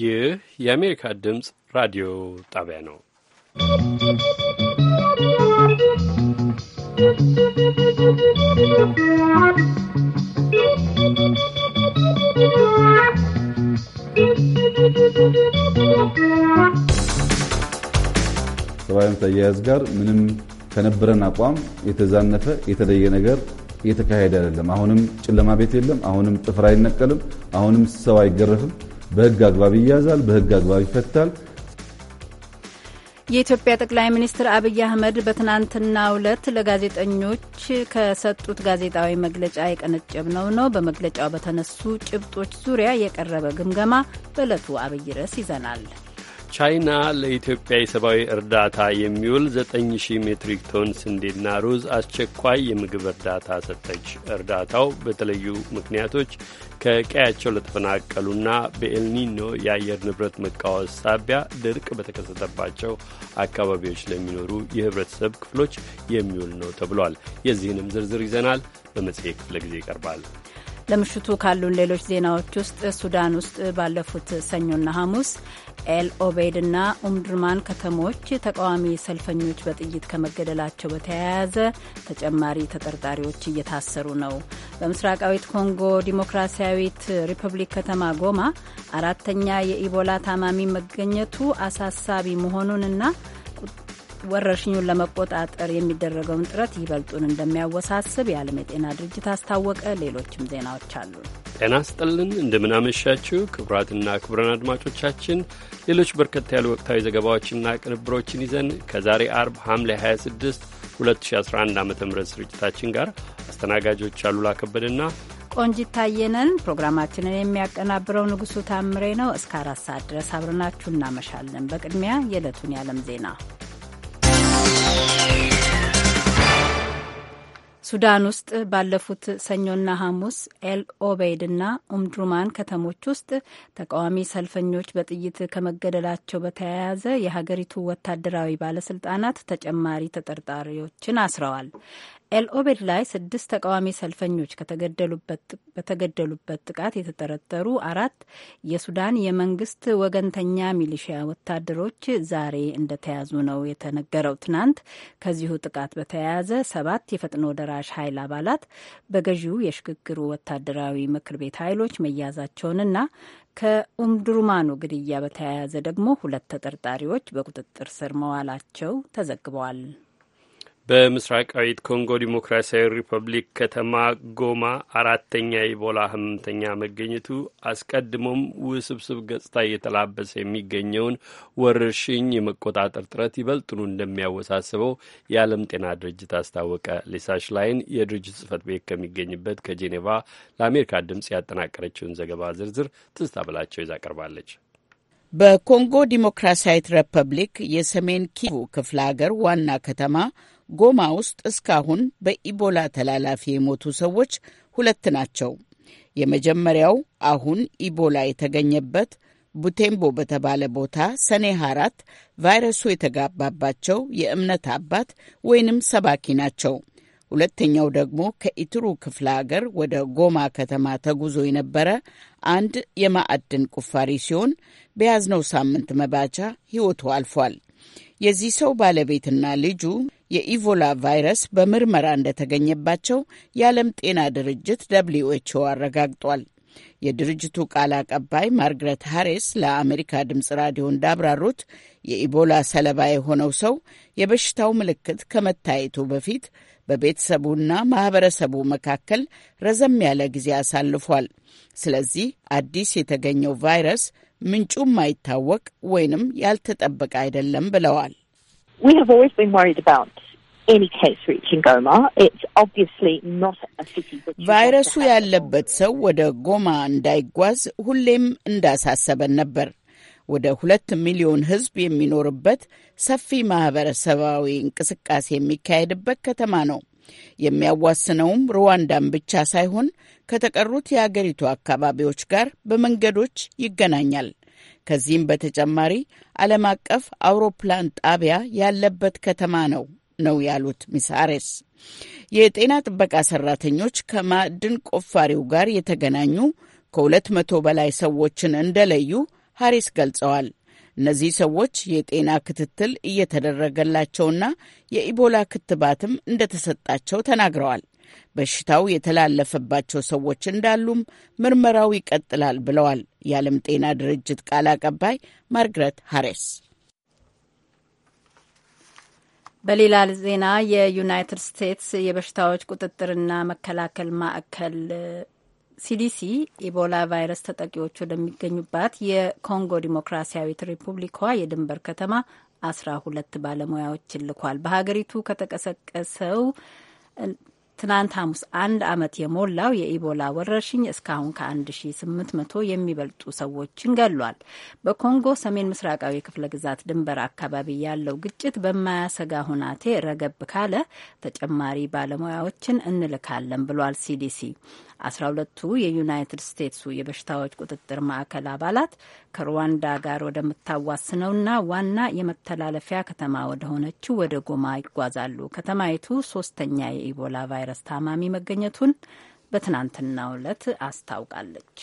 ይህ የአሜሪካ ድምፅ ራዲዮ ጣቢያ ነው። ሰብአዊ አያያዝ ጋር ምንም ከነበረን አቋም የተዛነፈ የተለየ ነገር እየተካሄደ አይደለም። አሁንም ጨለማ ቤት የለም። አሁንም ጥፍር አይነቀልም። አሁንም ሰው አይገረፍም። በህግ አግባብ ይያዛል፣ በህግ አግባብ ይፈታል። የኢትዮጵያ ጠቅላይ ሚኒስትር አብይ አህመድ በትናንትናው ዕለት ለጋዜጠኞች ከሰጡት ጋዜጣዊ መግለጫ የቀነጨብነው ነው። በመግለጫው በተነሱ ጭብጦች ዙሪያ የቀረበ ግምገማ በዕለቱ አብይ ርዕስ ይዘናል። ቻይና ለኢትዮጵያ የሰብአዊ እርዳታ የሚውል 9000 ሜትሪክ ቶን ስንዴና ሩዝ አስቸኳይ የምግብ እርዳታ ሰጠች። እርዳታው በተለዩ ምክንያቶች ከቀያቸው ለተፈናቀሉና በኤልኒኖ የአየር ንብረት መቃወስ ሳቢያ ድርቅ በተከሰተባቸው አካባቢዎች ለሚኖሩ የህብረተሰብ ክፍሎች የሚውል ነው ተብሏል። የዚህንም ዝርዝር ይዘናል፣ በመጽሔት ክፍለ ጊዜ ይቀርባል። ለምሽቱ ካሉን ሌሎች ዜናዎች ውስጥ ሱዳን ውስጥ ባለፉት ሰኞና ሐሙስ ኤል ኡምድርማን ከተሞች ተቃዋሚ ሰልፈኞች በጥይት ከመገደላቸው በተያያዘ ተጨማሪ ተጠርጣሪዎች እየታሰሩ ነው። በምስራቃዊት ኮንጎ ዲሞክራሲያዊት ሪፐብሊክ ከተማ ጎማ አራተኛ የኢቦላ ታማሚ መገኘቱ አሳሳቢ መሆኑንና ወረርሽኙን ለመቆጣጠር የሚደረገውን ጥረት ይበልጡን እንደሚያወሳስብ የዓለም የጤና ድርጅት አስታወቀ። ሌሎችም ዜናዎች አሉ። ጤና ስጥልን፣ እንደምናመሻችው ክቡራትና ክቡራን አድማጮቻችን ሌሎች በርከት ያሉ ወቅታዊ ዘገባዎችና ቅንብሮችን ይዘን ከዛሬ አርብ ሐምሌ 26 2011 ዓ ም ስርጭታችን ጋር አስተናጋጆች አሉላ ከበደና ቆንጂት ታየነን። ፕሮግራማችንን የሚያቀናብረው ንጉሱ ታምሬ ነው። እስከ አራት ሰዓት ድረስ አብረናችሁ እናመሻለን። በቅድሚያ የዕለቱን የዓለም ዜና ሱዳን ውስጥ ባለፉት ሰኞና ሐሙስ ኤል ኦበይድና ኡምድሩማን ከተሞች ውስጥ ተቃዋሚ ሰልፈኞች በጥይት ከመገደላቸው በተያያዘ የሀገሪቱ ወታደራዊ ባለስልጣናት ተጨማሪ ተጠርጣሪዎችን አስረዋል። ኤልኦቤድ ላይ ስድስት ተቃዋሚ ሰልፈኞች በተገደሉበት ጥቃት የተጠረጠሩ አራት የሱዳን የመንግስት ወገንተኛ ሚሊሺያ ወታደሮች ዛሬ እንደተያዙ ነው የተነገረው። ትናንት ከዚሁ ጥቃት በተያያዘ ሰባት የፈጥኖ ደራሽ ኃይል አባላት በገዢው የሽግግሩ ወታደራዊ ምክር ቤት ኃይሎች መያዛቸውንና ከኡምድሩማኑ ግድያ በተያያዘ ደግሞ ሁለት ተጠርጣሪዎች በቁጥጥር ስር መዋላቸው ተዘግበዋል። በምስራቃዊት ኮንጎ ዲሞክራሲያዊ ሪፐብሊክ ከተማ ጎማ አራተኛ ኢቦላ ህመምተኛ መገኘቱ አስቀድሞም ውስብስብ ገጽታ እየተላበሰ የሚገኘውን ወረርሽኝ የመቆጣጠር ጥረት ይበልጥኑ እንደሚያወሳስበው የዓለም ጤና ድርጅት አስታወቀ። ሊሳ ሽላይን የድርጅት ጽህፈት ቤት ከሚገኝበት ከጄኔቫ ለአሜሪካ ድምፅ ያጠናቀረችውን ዘገባ ዝርዝር ትዝታ ብላቸው ይዛ ቀርባለች። በኮንጎ ዲሞክራሲያዊት ሪፐብሊክ የሰሜን ኪቡ ክፍለ ሀገር ዋና ከተማ ጎማ ውስጥ እስካሁን በኢቦላ ተላላፊ የሞቱ ሰዎች ሁለት ናቸው። የመጀመሪያው አሁን ኢቦላ የተገኘበት ቡቴምቦ በተባለ ቦታ ሰኔ አራት ቫይረሱ የተጋባባቸው የእምነት አባት ወይንም ሰባኪ ናቸው። ሁለተኛው ደግሞ ከኢትሩ ክፍለ አገር ወደ ጎማ ከተማ ተጉዞ የነበረ አንድ የማዕድን ቁፋሪ ሲሆን በያዝነው ሳምንት መባቻ ሕይወቱ አልፏል። የዚህ ሰው ባለቤትና ልጁ የኢቮላ ቫይረስ በምርመራ እንደተገኘባቸው የዓለም ጤና ድርጅት ደብልዩ ኤች ኦ አረጋግጧል። የድርጅቱ ቃል አቀባይ ማርግሬት ሃሪስ ለአሜሪካ ድምፅ ራዲዮ እንዳብራሩት የኢቦላ ሰለባ የሆነው ሰው የበሽታው ምልክት ከመታየቱ በፊት በቤተሰቡና ማህበረሰቡ መካከል ረዘም ያለ ጊዜ አሳልፏል። ስለዚህ አዲስ የተገኘው ቫይረስ ምንጩ ማይታወቅ ወይንም ያልተጠበቀ አይደለም ብለዋል። ቫይረሱ ያለበት ሰው ወደ ጎማ እንዳይጓዝ ሁሌም እንዳሳሰበን ነበር። ወደ ሁለት ሚሊዮን ሕዝብ የሚኖርበት ሰፊ ማህበረሰባዊ እንቅስቃሴ የሚካሄድበት ከተማ ነው። የሚያዋስነውም ሩዋንዳን ብቻ ሳይሆን ከተቀሩት የአገሪቱ አካባቢዎች ጋር በመንገዶች ይገናኛል። ከዚህም በተጨማሪ ዓለም አቀፍ አውሮፕላን ጣቢያ ያለበት ከተማ ነው ነው ያሉት ሚሳሬስ። የጤና ጥበቃ ሰራተኞች ከማዕድን ቆፋሪው ጋር የተገናኙ ከሁለት መቶ በላይ ሰዎችን እንደለዩ ሐሪስ ገልጸዋል። እነዚህ ሰዎች የጤና ክትትል እየተደረገላቸውና የኢቦላ ክትባትም እንደተሰጣቸው ተናግረዋል። በሽታው የተላለፈባቸው ሰዎች እንዳሉም ምርመራው ይቀጥላል ብለዋል የዓለም ጤና ድርጅት ቃል አቀባይ ማርግረት ሃሬስ። በሌላ ዜና የዩናይትድ ስቴትስ የበሽታዎች ቁጥጥርና መከላከል ማዕከል ሲዲሲ ኢቦላ ቫይረስ ተጠቂዎች ወደሚገኙባት የኮንጎ ዲሞክራሲያዊት ሪፑብሊኳ የድንበር ከተማ አስራ ሁለት ባለሙያዎች ይልኳል። በሀገሪቱ ከተቀሰቀሰው ትናንት ሐሙስ አንድ ዓመት የሞላው የኢቦላ ወረርሽኝ እስካሁን ከ1800 የሚበልጡ ሰዎችን ገሏል። በኮንጎ ሰሜን ምስራቃዊ ክፍለ ግዛት ድንበር አካባቢ ያለው ግጭት በማያሰጋ ሁናቴ ረገብ ካለ ተጨማሪ ባለሙያዎችን እንልካለን ብሏል ሲዲሲ። አስራ ሁለቱ የዩናይትድ ስቴትሱ የበሽታዎች ቁጥጥር ማዕከል አባላት ከሩዋንዳ ጋር ወደምታዋስነውና ዋና የመተላለፊያ ከተማ ወደሆነችው ወደ ጎማ ይጓዛሉ። ከተማይቱ ሶስተኛ የኢቦላ ቫይረስ ታማሚ መገኘቱን በትናንትናው ዕለት አስታውቃለች።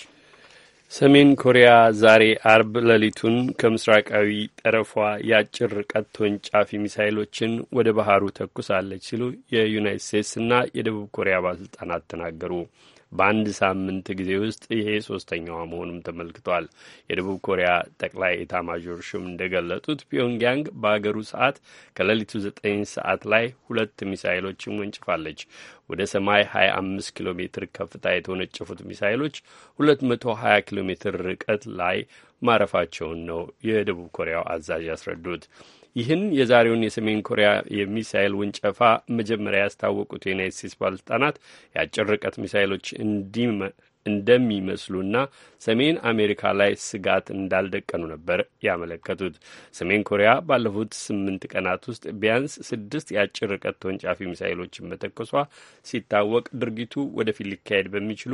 ሰሜን ኮሪያ ዛሬ አርብ ሌሊቱን ከምስራቃዊ ጠረፏ የአጭር ርቀት ተወንጫፊ ሚሳይሎችን ወደ ባህሩ ተኩሳለች ሲሉ የዩናይት ስቴትስና የደቡብ ኮሪያ ባለስልጣናት ተናገሩ። በአንድ ሳምንት ጊዜ ውስጥ ይሄ ሶስተኛዋ መሆኑም ተመልክቷል። የደቡብ ኮሪያ ጠቅላይ ኤታማዦር ሹም እንደገለጡት ፒዮንግያንግ በአገሩ ሰዓት ከሌሊቱ ዘጠኝ ሰዓት ላይ ሁለት ሚሳይሎችን ወንጭፋለች። ወደ ሰማይ 25 ኪሎ ሜትር ከፍታ የተወነጨፉት ሚሳይሎች 220 ኪሎ ሜትር ርቀት ላይ ማረፋቸውን ነው የደቡብ ኮሪያው አዛዥ ያስረዱት። ይህን የዛሬውን የሰሜን ኮሪያ የሚሳይል ውንጨፋ መጀመሪያ ያስታወቁት የዩናይት ስቴትስ ባለስልጣናት የአጭር ርቀት ሚሳይሎች እንደሚመስሉና ሰሜን አሜሪካ ላይ ስጋት እንዳልደቀኑ ነበር ያመለከቱት። ሰሜን ኮሪያ ባለፉት ስምንት ቀናት ውስጥ ቢያንስ ስድስት የአጭር ርቀት ተወንጫፊ ሚሳይሎችን መተኮሷ ሲታወቅ ድርጊቱ ወደፊት ሊካሄድ በሚችሉ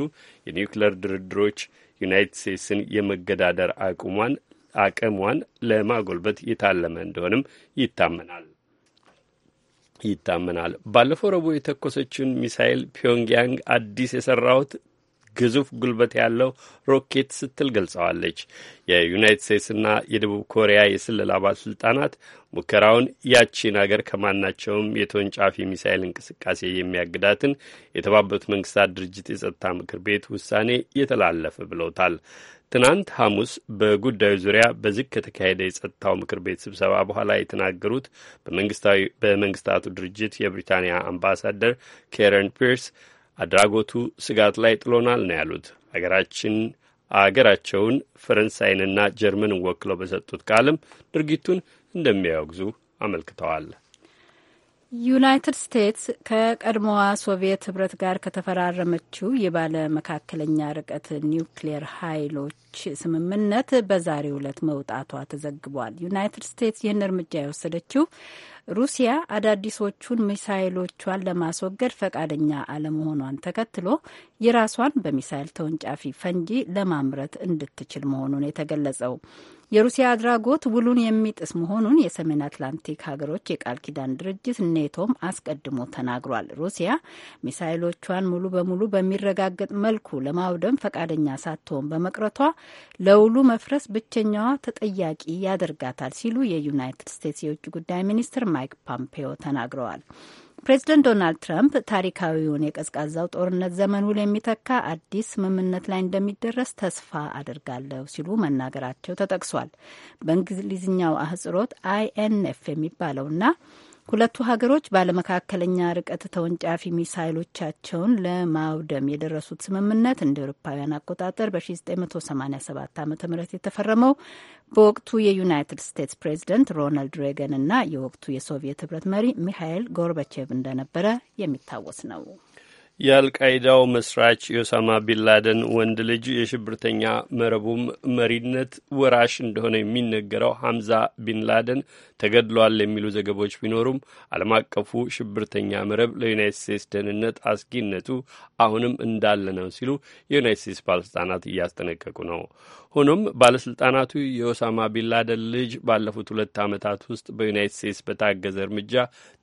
የኒውክሌር ድርድሮች ዩናይትድ ስቴትስን የመገዳደር አቁሟን አቅሟን ለማጎልበት የታለመ እንደሆንም ይታመናል ይታመናል። ባለፈው ረቡዕ የተኮሰችውን ሚሳይል ፒዮንግያንግ አዲስ የሰራሁት ግዙፍ ጉልበት ያለው ሮኬት ስትል ገልጸዋለች። የዩናይትድ ስቴትስና የደቡብ ኮሪያ የስለላ ባለስልጣናት ሙከራውን ያቺን አገር ከማናቸውም የተወንጫፊ ሚሳይል እንቅስቃሴ የሚያግዳትን የተባበሩት መንግስታት ድርጅት የጸጥታ ምክር ቤት ውሳኔ የተላለፈ ብለውታል። ትናንት ሐሙስ በጉዳዩ ዙሪያ በዝግ ከተካሄደ የጸጥታው ምክር ቤት ስብሰባ በኋላ የተናገሩት በመንግስታቱ ድርጅት የብሪታንያ አምባሳደር ኬረን ፒርስ አድራጎቱ ስጋት ላይ ጥሎናል ነው ያሉት። አገራችን አገራቸውን ፈረንሳይንና ጀርመንን ወክለው በሰጡት ቃልም ድርጊቱን እንደሚያወግዙ አመልክተዋል። ዩናይትድ ስቴትስ ከቀድሞዋ ሶቪየት ህብረት ጋር ከተፈራረመችው የባለ መካከለኛ ርቀት ኒውክሌር ኃይሎች ስምምነት በዛሬው ዕለት መውጣቷ ተዘግቧል። ዩናይትድ ስቴትስ ይህን እርምጃ የወሰደችው ሩሲያ አዳዲሶቹን ሚሳይሎቿን ለማስወገድ ፈቃደኛ አለመሆኗን ተከትሎ የራሷን በሚሳይል ተወንጫፊ ፈንጂ ለማምረት እንድትችል መሆኑን የተገለጸው የሩሲያ አድራጎት ውሉን የሚጥስ መሆኑን የሰሜን አትላንቲክ ሀገሮች የቃል ኪዳን ድርጅት ኔቶም አስቀድሞ ተናግሯል። ሩሲያ ሚሳይሎቿን ሙሉ በሙሉ በሚረጋገጥ መልኩ ለማውደም ፈቃደኛ ሳትሆን በመቅረቷ ለውሉ መፍረስ ብቸኛዋ ተጠያቂ ያደርጋታል ሲሉ የዩናይትድ ስቴትስ የውጭ ጉዳይ ሚኒስትር ማይክ ፖምፔዮ ተናግረዋል። ፕሬዚደንት ዶናልድ ትራምፕ ታሪካዊውን የቀዝቃዛው ጦርነት ዘመን ውል የሚተካ አዲስ ስምምነት ላይ እንደሚደረስ ተስፋ አድርጋለሁ ሲሉ መናገራቸው ተጠቅሷል። በእንግሊዝኛው አህጽሮት አይኤንኤፍ የሚባለውና ሁለቱ ሀገሮች ባለመካከለኛ ርቀት ተወንጫፊ ሚሳይሎቻቸውን ለማውደም የደረሱት ስምምነት እንደ አውሮፓውያን አቆጣጠር በ1987 ዓ ም የተፈረመው በወቅቱ የዩናይትድ ስቴትስ ፕሬዚደንት ሮናልድ ሬገን እና የወቅቱ የሶቪየት ህብረት መሪ ሚሃይል ጎርበቼቭ እንደነበረ የሚታወስ ነው። የአልቃይዳው መስራች የኦሳማ ቢንላደን ወንድ ልጅ የሽብርተኛ መረቡም መሪነት ወራሽ እንደሆነ የሚነገረው ሐምዛ ቢንላደን ተገድሏል የሚሉ ዘገቦች ቢኖሩም ዓለም አቀፉ ሽብርተኛ መረብ ለዩናይት ስቴትስ ደህንነት አስጊነቱ አሁንም እንዳለ ነው ሲሉ የዩናይት ስቴትስ ባለሥልጣናት እያስጠነቀቁ ነው። ሆኖም ባለስልጣናቱ የኦሳማ ቢንላደን ልጅ ባለፉት ሁለት ዓመታት ውስጥ በዩናይት ስቴትስ በታገዘ እርምጃ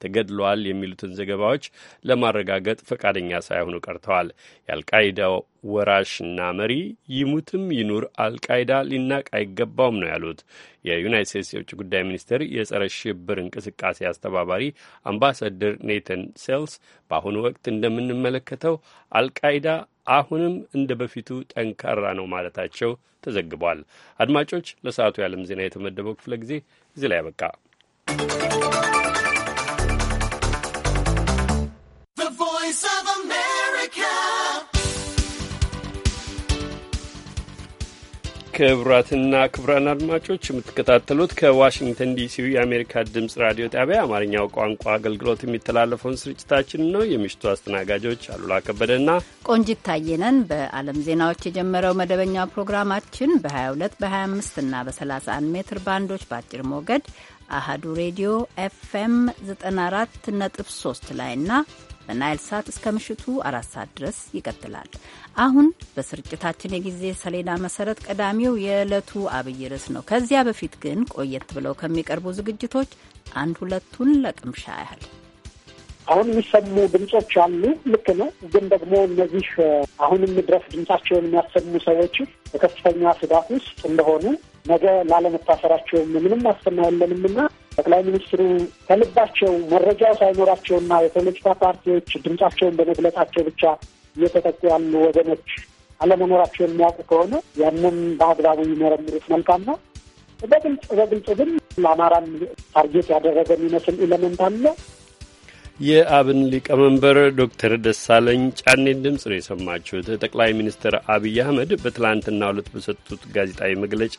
ተገድሏል የሚሉትን ዘገባዎች ለማረጋገጥ ፈቃደኛ ሳይሆኑ ቀርተዋል። የአልቃይዳው ወራሽና መሪ ይሙትም ይኑር አልቃይዳ ሊናቅ አይገባውም ነው ያሉት የዩናይት ስቴትስ የውጭ ጉዳይ ሚኒስቴር የጸረ ሽብር እንቅስቃሴ አስተባባሪ አምባሳደር ኔተን ሴልስ በአሁኑ ወቅት እንደምንመለከተው አልቃይዳ አሁንም እንደ በፊቱ ጠንካራ ነው ማለታቸው ተዘግቧል። አድማጮች፣ ለሰዓቱ የዓለም ዜና የተመደበው ክፍለ ጊዜ እዚህ ላይ ያበቃ። ክቡራትና ክቡራን አድማጮች የምትከታተሉት ከዋሽንግተን ዲሲ የአሜሪካ ድምፅ ራዲዮ ጣቢያ አማርኛው ቋንቋ አገልግሎት የሚተላለፈውን ስርጭታችን ነው። የምሽቱ አስተናጋጆች አሉላ ከበደና ቆንጂት ታየነን። በዓለም ዜናዎች የጀመረው መደበኛው ፕሮግራማችን በ22 በ25 እና በ31 ሜትር ባንዶች በአጭር ሞገድ አሃዱ ሬዲዮ ኤፍኤም 94.3 ላይ እና በናይል ሳት እስከ ምሽቱ አራት ሰዓት ድረስ ይቀጥላል። አሁን በስርጭታችን የጊዜ ሰሌዳ መሰረት ቀዳሚው የዕለቱ አብይ ርዕስ ነው። ከዚያ በፊት ግን ቆየት ብለው ከሚቀርቡ ዝግጅቶች አንድ ሁለቱን ለቅምሻ ያህል አሁን የሚሰሙ ድምጾች አሉ። ልክ ነው። ግን ደግሞ እነዚህ አሁንም ድረስ ድምጻቸውን የሚያሰሙ ሰዎች በከፍተኛ ስጋት ውስጥ እንደሆኑ ነገ ላለመታሰራቸውም ምንም አስተማ የለንም ጠቅላይ ሚኒስትሩ ከልባቸው መረጃው ሳይኖራቸውና የፖለቲካ ፓርቲዎች ድምጻቸውን በመግለጻቸው ብቻ እየተጠቁ ያሉ ወገኖች አለመኖራቸው የሚያውቁ ከሆነ ያንን በአግባቡ ይመረምሩት መልካም ነው። በግልጽ በግልጽ ግን ለአማራን ታርጌት ያደረገ የሚመስል ኢለመንት አለ። የአብን ሊቀመንበር ዶክተር ደሳለኝ ጫኔን ድምፅ ነው የሰማችሁት። ጠቅላይ ሚኒስትር አብይ አህመድ በትላንትና ዕለት በሰጡት ጋዜጣዊ መግለጫ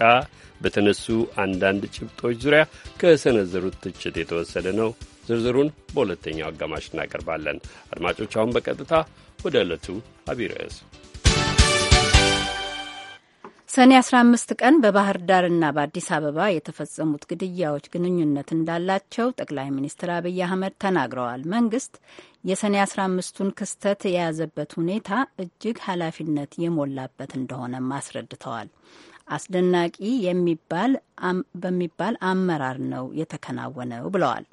በተነሱ አንዳንድ ጭብጦች ዙሪያ ከሰነዘሩት ትችት የተወሰደ ነው። ዝርዝሩን በሁለተኛው አጋማሽ እናቀርባለን። አድማጮች፣ አሁን በቀጥታ ወደ ዕለቱ አብይ ርዕስ ሰኔ 15 ቀን በባህር ዳርና በአዲስ አበባ የተፈጸሙት ግድያዎች ግንኙነት እንዳላቸው ጠቅላይ ሚኒስትር አብይ አህመድ ተናግረዋል። መንግስት የሰኔ 15ቱን ክስተት የያዘበት ሁኔታ እጅግ ኃላፊነት የሞላበት እንደሆነም አስረድተዋል። አስደናቂ የሚባል በሚባል አመራር ነው የተከናወነው ብለዋል።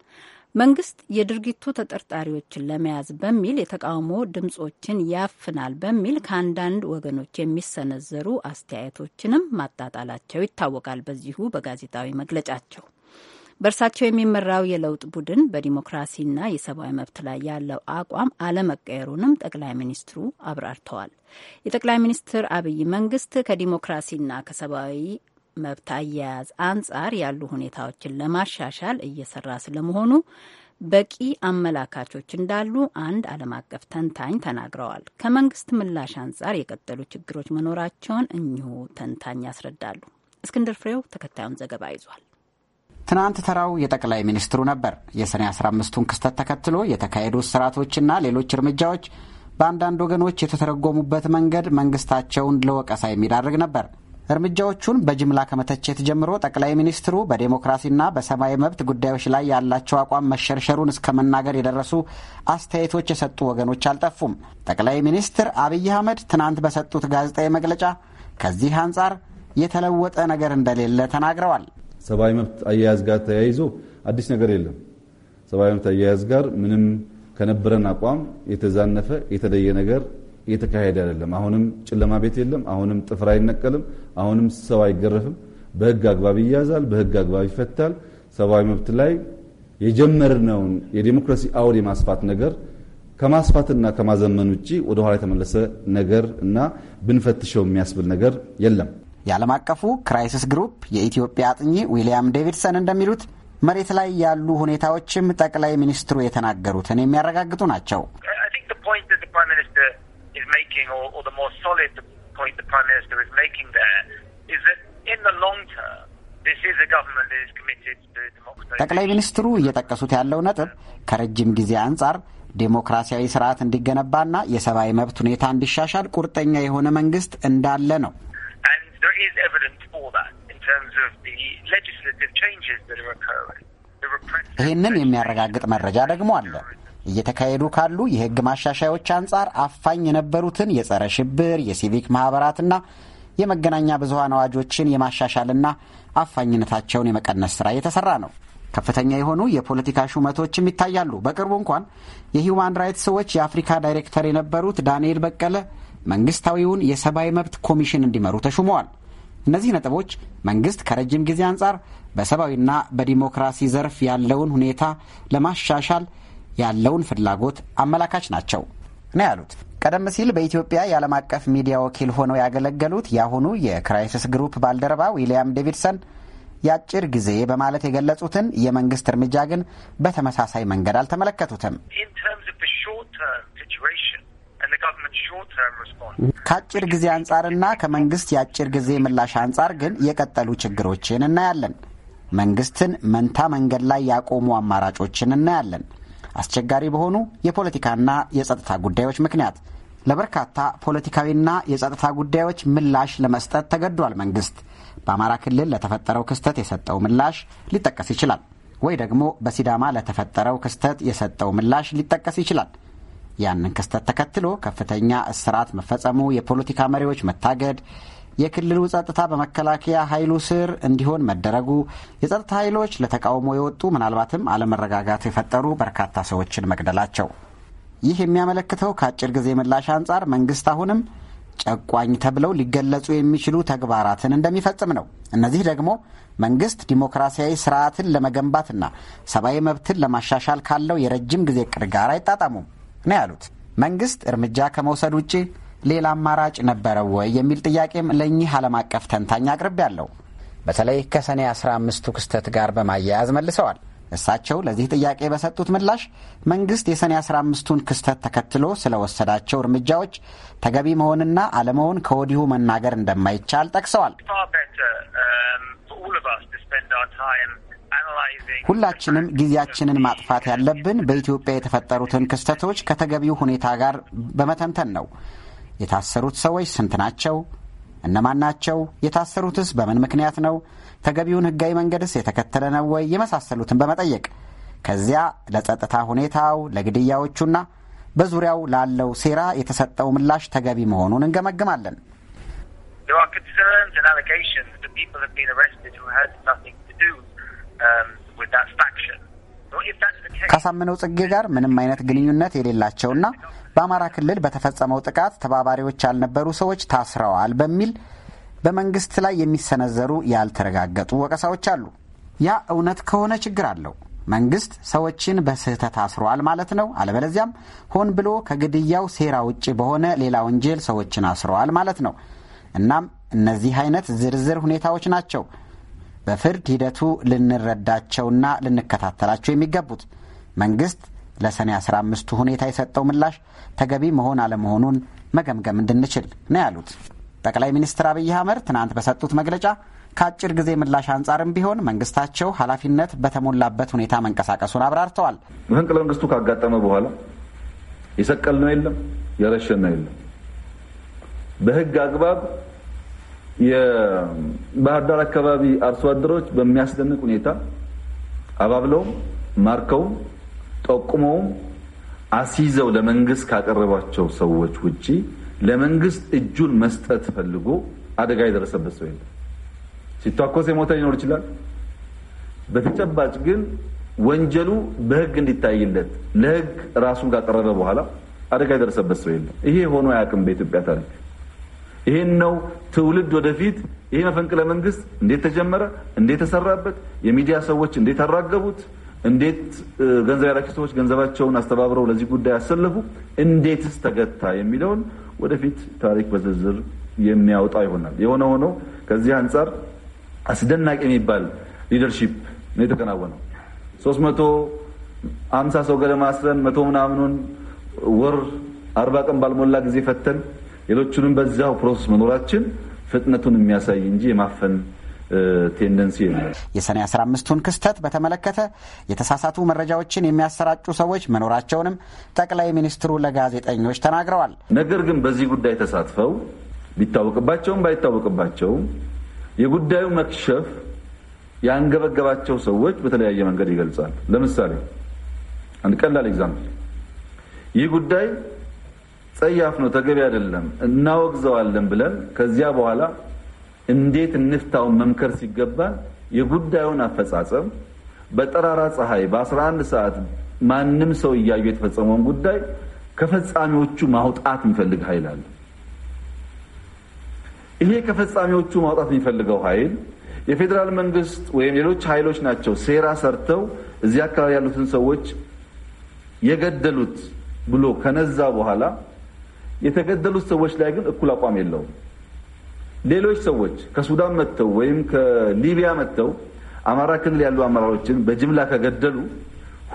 መንግስት የድርጊቱ ተጠርጣሪዎችን ለመያዝ በሚል የተቃውሞ ድምጾችን ያፍናል በሚል ከአንዳንድ ወገኖች የሚሰነዘሩ አስተያየቶችንም ማጣጣላቸው ይታወቃል። በዚሁ በጋዜጣዊ መግለጫቸው በእርሳቸው የሚመራው የለውጥ ቡድን በዲሞክራሲና የሰብአዊ መብት ላይ ያለው አቋም አለመቀየሩንም ጠቅላይ ሚኒስትሩ አብራርተዋል። የጠቅላይ ሚኒስትር አብይ መንግስት ከዲሞክራሲና ከሰብአዊ መብት አያያዝ አንጻር ያሉ ሁኔታዎችን ለማሻሻል እየሰራ ስለመሆኑ በቂ አመላካቾች እንዳሉ አንድ ዓለም አቀፍ ተንታኝ ተናግረዋል። ከመንግስት ምላሽ አንጻር የቀጠሉ ችግሮች መኖራቸውን እኚሁ ተንታኝ ያስረዳሉ። እስክንድር ፍሬው ተከታዩን ዘገባ ይዟል። ትናንት ተራው የጠቅላይ ሚኒስትሩ ነበር። የሰኔ 15 አምስቱን ክስተት ተከትሎ የተካሄዱ ስርዓቶችና ሌሎች እርምጃዎች በአንዳንድ ወገኖች የተተረጎሙበት መንገድ መንግስታቸውን ለወቀሳ የሚዳርግ ነበር። እርምጃዎቹን በጅምላ ከመተቸት ጀምሮ ጠቅላይ ሚኒስትሩ በዴሞክራሲና በሰብአዊ መብት ጉዳዮች ላይ ያላቸው አቋም መሸርሸሩን እስከ መናገር የደረሱ አስተያየቶች የሰጡ ወገኖች አልጠፉም። ጠቅላይ ሚኒስትር አብይ አህመድ ትናንት በሰጡት ጋዜጣዊ መግለጫ ከዚህ አንጻር የተለወጠ ነገር እንደሌለ ተናግረዋል። ሰብአዊ መብት አያያዝ ጋር ተያይዞ አዲስ ነገር የለም። ሰብአዊ መብት አያያዝ ጋር ምንም ከነበረን አቋም የተዛነፈ የተለየ ነገር እየተካሄደ አይደለም። አሁንም ጨለማ ቤት የለም። አሁንም ጥፍር አይነቀልም። አሁንም ሰው አይገረፍም። በህግ አግባብ ይያዛል። በህግ አግባብ ይፈታል። ሰብአዊ መብት ላይ የጀመርነውን የዲሞክራሲ አውድ የማስፋት ነገር ከማስፋትና ከማዘመን ውጭ ወደ ኋላ የተመለሰ ነገር እና ብንፈትሸው የሚያስብል ነገር የለም። የዓለም አቀፉ ክራይሲስ ግሩፕ የኢትዮጵያ አጥኚ ዊሊያም ዴቪድሰን እንደሚሉት መሬት ላይ ያሉ ሁኔታዎችም ጠቅላይ ሚኒስትሩ የተናገሩትን የሚያረጋግጡ ናቸው። is making, or, or the more solid point the Prime Minister is making there, is that in the long term, ጠቅላይ ሚኒስትሩ እየጠቀሱት ያለው ነጥብ ከረጅም ጊዜ አንጻር ዴሞክራሲያዊ ስርዓት እንዲገነባና የሰብአዊ መብት ሁኔታ እንዲሻሻል ቁርጠኛ የሆነ መንግስት እንዳለ ነው። ይህንን የሚያረጋግጥ መረጃ ደግሞ አለ። እየተካሄዱ ካሉ የህግ ማሻሻዮች አንጻር አፋኝ የነበሩትን የጸረ ሽብር የሲቪክ ማኅበራትና የመገናኛ ብዙሀን አዋጆችን የማሻሻልና አፋኝነታቸውን የመቀነስ ስራ እየተሰራ ነው። ከፍተኛ የሆኑ የፖለቲካ ሹመቶችም ይታያሉ። በቅርቡ እንኳን የሂውማን ራይትስ ዎች የአፍሪካ ዳይሬክተር የነበሩት ዳንኤል በቀለ መንግስታዊውን የሰብአዊ መብት ኮሚሽን እንዲመሩ ተሹመዋል። እነዚህ ነጥቦች መንግስት ከረጅም ጊዜ አንጻር በሰብአዊና በዲሞክራሲ ዘርፍ ያለውን ሁኔታ ለማሻሻል ያለውን ፍላጎት አመላካች ናቸው ነው ያሉት። ቀደም ሲል በኢትዮጵያ የዓለም አቀፍ ሚዲያ ወኪል ሆነው ያገለገሉት የአሁኑ የክራይሲስ ግሩፕ ባልደረባ ዊልያም ዴቪድሰን የአጭር ጊዜ በማለት የገለጹትን የመንግስት እርምጃ ግን በተመሳሳይ መንገድ አልተመለከቱትም። ከአጭር ጊዜ አንጻርና ከመንግስት የአጭር ጊዜ ምላሽ አንጻር ግን የቀጠሉ ችግሮችን እናያለን። መንግስትን መንታ መንገድ ላይ ያቆሙ አማራጮችን እናያለን። አስቸጋሪ በሆኑ የፖለቲካና የጸጥታ ጉዳዮች ምክንያት ለበርካታ ፖለቲካዊና የጸጥታ ጉዳዮች ምላሽ ለመስጠት ተገዷል። መንግስት በአማራ ክልል ለተፈጠረው ክስተት የሰጠው ምላሽ ሊጠቀስ ይችላል፣ ወይ ደግሞ በሲዳማ ለተፈጠረው ክስተት የሰጠው ምላሽ ሊጠቀስ ይችላል። ያንን ክስተት ተከትሎ ከፍተኛ እስራት መፈጸሙ፣ የፖለቲካ መሪዎች መታገድ የክልሉ ጸጥታ በመከላከያ ኃይሉ ስር እንዲሆን መደረጉ የጸጥታ ኃይሎች ለተቃውሞ የወጡ ምናልባትም አለመረጋጋት የፈጠሩ በርካታ ሰዎችን መግደላቸው ይህ የሚያመለክተው ከአጭር ጊዜ ምላሽ አንጻር መንግስት አሁንም ጨቋኝ ተብለው ሊገለጹ የሚችሉ ተግባራትን እንደሚፈጽም ነው። እነዚህ ደግሞ መንግስት ዲሞክራሲያዊ ስርዓትን ለመገንባትና ሰብአዊ መብትን ለማሻሻል ካለው የረጅም ጊዜ እቅድ ጋር አይጣጣሙም ነው ያሉት። መንግስት እርምጃ ከመውሰድ ውጭ ሌላ አማራጭ ነበረ ወይ የሚል ጥያቄም ለእኚህ ዓለም አቀፍ ተንታኝ ያለው በተለይ ከሰኔ 15ቱ ክስተት ጋር በማያያዝ መልሰዋል። እሳቸው ለዚህ ጥያቄ በሰጡት ምላሽ መንግስት የሰኔ 15ቱን ክስተት ተከትሎ ስለወሰዳቸው እርምጃዎች ተገቢ መሆንና አለመሆን ከወዲሁ መናገር እንደማይቻል ጠቅሰዋል። ሁላችንም ጊዜያችንን ማጥፋት ያለብን በኢትዮጵያ የተፈጠሩትን ክስተቶች ከተገቢው ሁኔታ ጋር በመተንተን ነው። የታሰሩት ሰዎች ስንት ናቸው? እነማን ናቸው? የታሰሩትስ በምን ምክንያት ነው? ተገቢውን ህጋዊ መንገድስ የተከተለ ነው ወይ? የመሳሰሉትን በመጠየቅ ከዚያ ለጸጥታ ሁኔታው ለግድያዎቹና በዙሪያው ላለው ሴራ የተሰጠው ምላሽ ተገቢ መሆኑን እንገመግማለን። um, ካሳምነው ጽጌ ጋር ምንም አይነት ግንኙነት የሌላቸውና በአማራ ክልል በተፈጸመው ጥቃት ተባባሪዎች ያልነበሩ ሰዎች ታስረዋል በሚል በመንግስት ላይ የሚሰነዘሩ ያልተረጋገጡ ወቀሳዎች አሉ። ያ እውነት ከሆነ ችግር አለው። መንግስት ሰዎችን በስህተት አስሯል ማለት ነው። አለበለዚያም ሆን ብሎ ከግድያው ሴራ ውጭ በሆነ ሌላ ወንጀል ሰዎችን አስረዋል ማለት ነው። እናም እነዚህ አይነት ዝርዝር ሁኔታዎች ናቸው በፍርድ ሂደቱ ልንረዳቸውና ልንከታተላቸው የሚገቡት መንግስት ለሰኔ 15 አምስቱ ሁኔታ የሰጠው ምላሽ ተገቢ መሆን አለመሆኑን መገምገም እንድንችል ነው ያሉት ጠቅላይ ሚኒስትር አብይ አህመድ ትናንት በሰጡት መግለጫ ከአጭር ጊዜ ምላሽ አንጻርም ቢሆን መንግስታቸው ኃላፊነት በተሞላበት ሁኔታ መንቀሳቀሱን አብራርተዋል። መፈንቅለ መንግስቱ ካጋጠመ በኋላ የሰቀል ነው የለም፣ የረሸን ነው የለም። በህግ አግባብ የባህር ዳር አካባቢ አርሶ አደሮች በሚያስደንቅ ሁኔታ አባብለውም ማርከውም ጠቁመውም አስይዘው ለመንግስት ካቀረባቸው ሰዎች ውጪ ለመንግስት እጁን መስጠት ፈልጎ አደጋ የደረሰበት ሰው የለም። ሲታኮስ የሞተ ሊኖር ይችላል። በተጨባጭ ግን ወንጀሉ በህግ እንዲታይለት ለህግ ራሱን ካቀረበ በኋላ አደጋ የደረሰበት ሰው የለም። ይሄ ሆኖ አያውቅም በኢትዮጵያ ታሪክ። ይሄን ነው ትውልድ ወደፊት ይሄ መፈንቅለ መንግስት እንዴት ተጀመረ፣ እንዴት ተሰራበት፣ የሚዲያ ሰዎች እንዴት አራገቡት እንዴት ገንዘብ ያላቸው ሰዎች ገንዘባቸውን አስተባብረው ለዚህ ጉዳይ አሰለፉ፣ እንዴትስ ተገታ የሚለውን ወደፊት ታሪክ በዝርዝር የሚያወጣ ይሆናል። የሆነ ሆኖ ከዚህ አንጻር አስደናቂ የሚባል ሊደርሺፕ ነው የተከናወነው። ሶስት መቶ አምሳ ሰው ገደማ አስረን መቶ ምናምኑን ወር አርባ ቀን ባልሞላ ጊዜ ፈተን ሌሎቹንም በዚያው ፕሮሰስ መኖራችን ፍጥነቱን የሚያሳይ እንጂ የማፈን ቴንደንሲ የለም። የሰኔ አስራ ቱን ክስተት በተመለከተ የተሳሳቱ መረጃዎችን የሚያሰራጩ ሰዎች መኖራቸውንም ጠቅላይ ሚኒስትሩ ለጋዜጠኞች ተናግረዋል። ነገር ግን በዚህ ጉዳይ ተሳትፈው ቢታወቅባቸውም ባይታወቅባቸውም የጉዳዩ መክሸፍ ያንገበገባቸው ሰዎች በተለያየ መንገድ ይገልጻል። ለምሳሌ አንድ ቀላል ኤግዛምፕል፣ ይህ ጉዳይ ጸያፍ ነው፣ ተገቢ አይደለም፣ እናወግዘዋለን ብለን ከዚያ በኋላ እንዴት እንፍታውን መምከር ሲገባን የጉዳዩን አፈጻጸም በጠራራ ፀሐይ በ11 ሰዓት ማንም ሰው እያዩ የተፈጸመውን ጉዳይ ከፈጻሚዎቹ ማውጣት የሚፈልግ ኃይል አለ። ይሄ ከፈጻሚዎቹ ማውጣት የሚፈልገው ኃይል የፌዴራል መንግስት ወይም ሌሎች ኃይሎች ናቸው ሴራ ሰርተው እዚህ አካባቢ ያሉትን ሰዎች የገደሉት ብሎ ከነዛ በኋላ የተገደሉት ሰዎች ላይ ግን እኩል አቋም የለውም። ሌሎች ሰዎች ከሱዳን መጥተው ወይም ከሊቢያ መጥተው አማራ ክልል ያሉ አመራሮችን በጅምላ ከገደሉ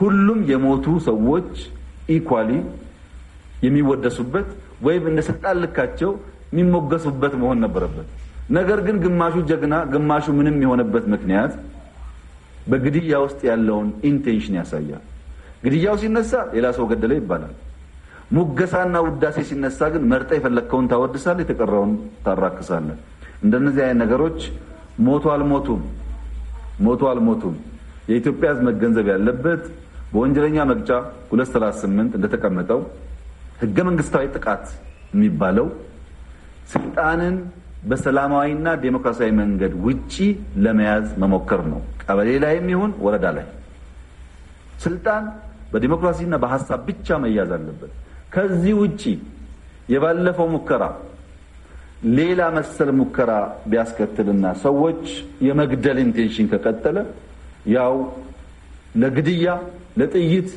ሁሉም የሞቱ ሰዎች ኢኳሊ የሚወደሱበት ወይም እንደ ስልጣን ልካቸው የሚሞገሱበት መሆን ነበረበት። ነገር ግን ግማሹ ጀግና፣ ግማሹ ምንም የሆነበት ምክንያት በግድያ ውስጥ ያለውን ኢንቴንሽን ያሳያል። ግድያው ሲነሳ ሌላ ሰው ገደለ ይባላል። ሙገሳና ውዳሴ ሲነሳ ግን መርጠ የፈለግከውን ታወድሳለህ፣ የተቀረውን ታራክሳለህ። እንደነዚህ አይነት ነገሮች ሞቱ አልሞቱም ሞቱ አልሞቱም። የኢትዮጵያ ሕዝብ መገንዘብ ያለበት በወንጀለኛ መቅጫ 238 እንደተቀመጠው ህገ መንግስታዊ ጥቃት የሚባለው ስልጣንን በሰላማዊና ዴሞክራሲያዊ መንገድ ውጪ ለመያዝ መሞከር ነው። ቀበሌ ላይም ይሁን ወረዳ ላይ ስልጣን በዲሞክራሲና በሀሳብ ብቻ መያዝ አለበት። ከዚህ ውጪ የባለፈው ሙከራ ሌላ መሰል ሙከራ ቢያስከትልና ሰዎች የመግደል ኢንቴንሽን ከቀጠለ ያው ለግድያ ለጥይት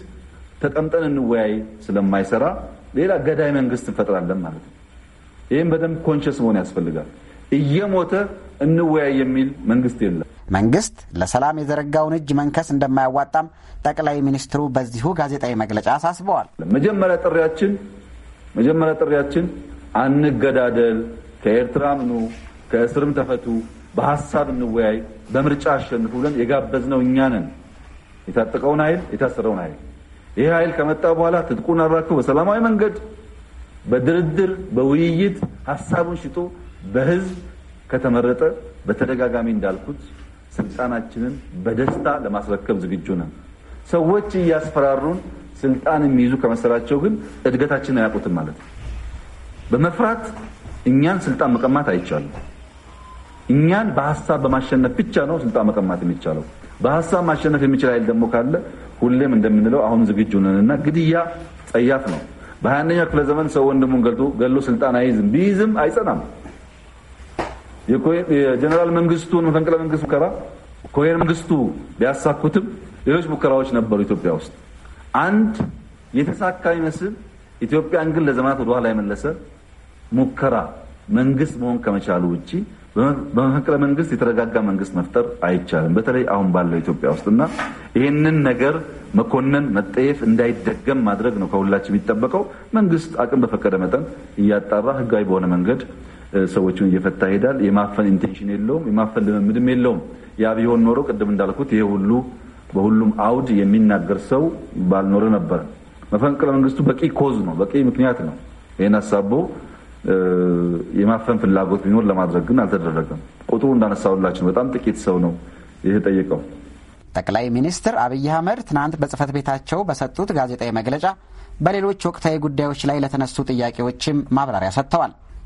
ተቀምጠን እንወያይ ስለማይሰራ ሌላ ገዳይ መንግስት እንፈጥራለን ማለት ነው። ይህም በደንብ ኮንሽስ መሆን ያስፈልጋል። እየሞተ እንወያይ የሚል መንግስት የለም። መንግስት ለሰላም የዘረጋውን እጅ መንከስ እንደማያዋጣም ጠቅላይ ሚኒስትሩ በዚሁ ጋዜጣዊ መግለጫ አሳስበዋል። መጀመሪያ ጥሪያችን መጀመሪያ ጥሪያችን አንገዳደል፣ ከኤርትራ ምኑ ከእስርም ተፈቱ፣ በሀሳብ እንወያይ፣ በምርጫ አሸንፉ ብለን የጋበዝነው እኛ ነን። የታጠቀውን ኃይል የታሰረውን ኃይል ይህ ኃይል ከመጣ በኋላ ትጥቁን አራክፎ በሰላማዊ መንገድ በድርድር በውይይት ሀሳቡን ሽጦ በህዝብ ከተመረጠ በተደጋጋሚ እንዳልኩት ስልጣናችንን በደስታ ለማስረከብ ዝግጁ ነን። ሰዎች እያስፈራሩን ስልጣን የሚይዙ ከመሰላቸው ግን እድገታችንን አያውቁትም ማለት ነው። በመፍራት እኛን ስልጣን መቀማት አይቻልም። እኛን በሀሳብ በማሸነፍ ብቻ ነው ስልጣን መቀማት የሚቻለው። በሀሳብ ማሸነፍ የሚችል ኃይል ደግሞ ካለ ሁሌም እንደምንለው አሁን ዝግጁ እና ግድያ ጸያፍ ነው። በሀያ አንደኛው ክፍለ ዘመን ሰው ወንድሙን ገሎ ስልጣን አይዝም ቢይዝም አይጸናም። የጀኔራል መንግስቱን መፈንቅለ መንግስት ሙከራ ኮሄን መንግስቱ ቢያሳኩትም ሌሎች ሙከራዎች ነበሩ ኢትዮጵያ ውስጥ። አንድ የተሳካ ይመስል ኢትዮጵያን ግን ለዘመናት ወደኋላ የመለሰ ሙከራ መንግስት መሆን ከመቻሉ ውጭ በመፈንቅለ መንግስት የተረጋጋ መንግስት መፍጠር አይቻልም፣ በተለይ አሁን ባለው ኢትዮጵያ ውስጥና ይህንን ነገር መኮነን መጠየፍ እንዳይደገም ማድረግ ነው ከሁላችን የሚጠበቀው። መንግስት አቅም በፈቀደ መጠን እያጣራ ህጋዊ በሆነ መንገድ ሰዎችን እየፈታ ይሄዳል። የማፈን ኢንቴንሽን የለውም። የማፈን ልምምድም የለውም። ያ ቢሆን ኖሮ ቅድም እንዳልኩት ይሄ ሁሉ በሁሉም አውድ የሚናገር ሰው ባልኖረ ነበረ። መፈንቅለ መንግስቱ በቂ ኮዝ ነው፣ በቂ ምክንያት ነው። ይህን ሀሳቦ የማፈን ፍላጎት ቢኖር ለማድረግ ግን አልተደረገም። ቁጥሩ እንዳነሳውላችሁ በጣም ጥቂት ሰው ነው ይህ ጠይቀው። ጠቅላይ ሚኒስትር አብይ አህመድ ትናንት በጽህፈት ቤታቸው በሰጡት ጋዜጣዊ መግለጫ በሌሎች ወቅታዊ ጉዳዮች ላይ ለተነሱ ጥያቄዎችም ማብራሪያ ሰጥተዋል።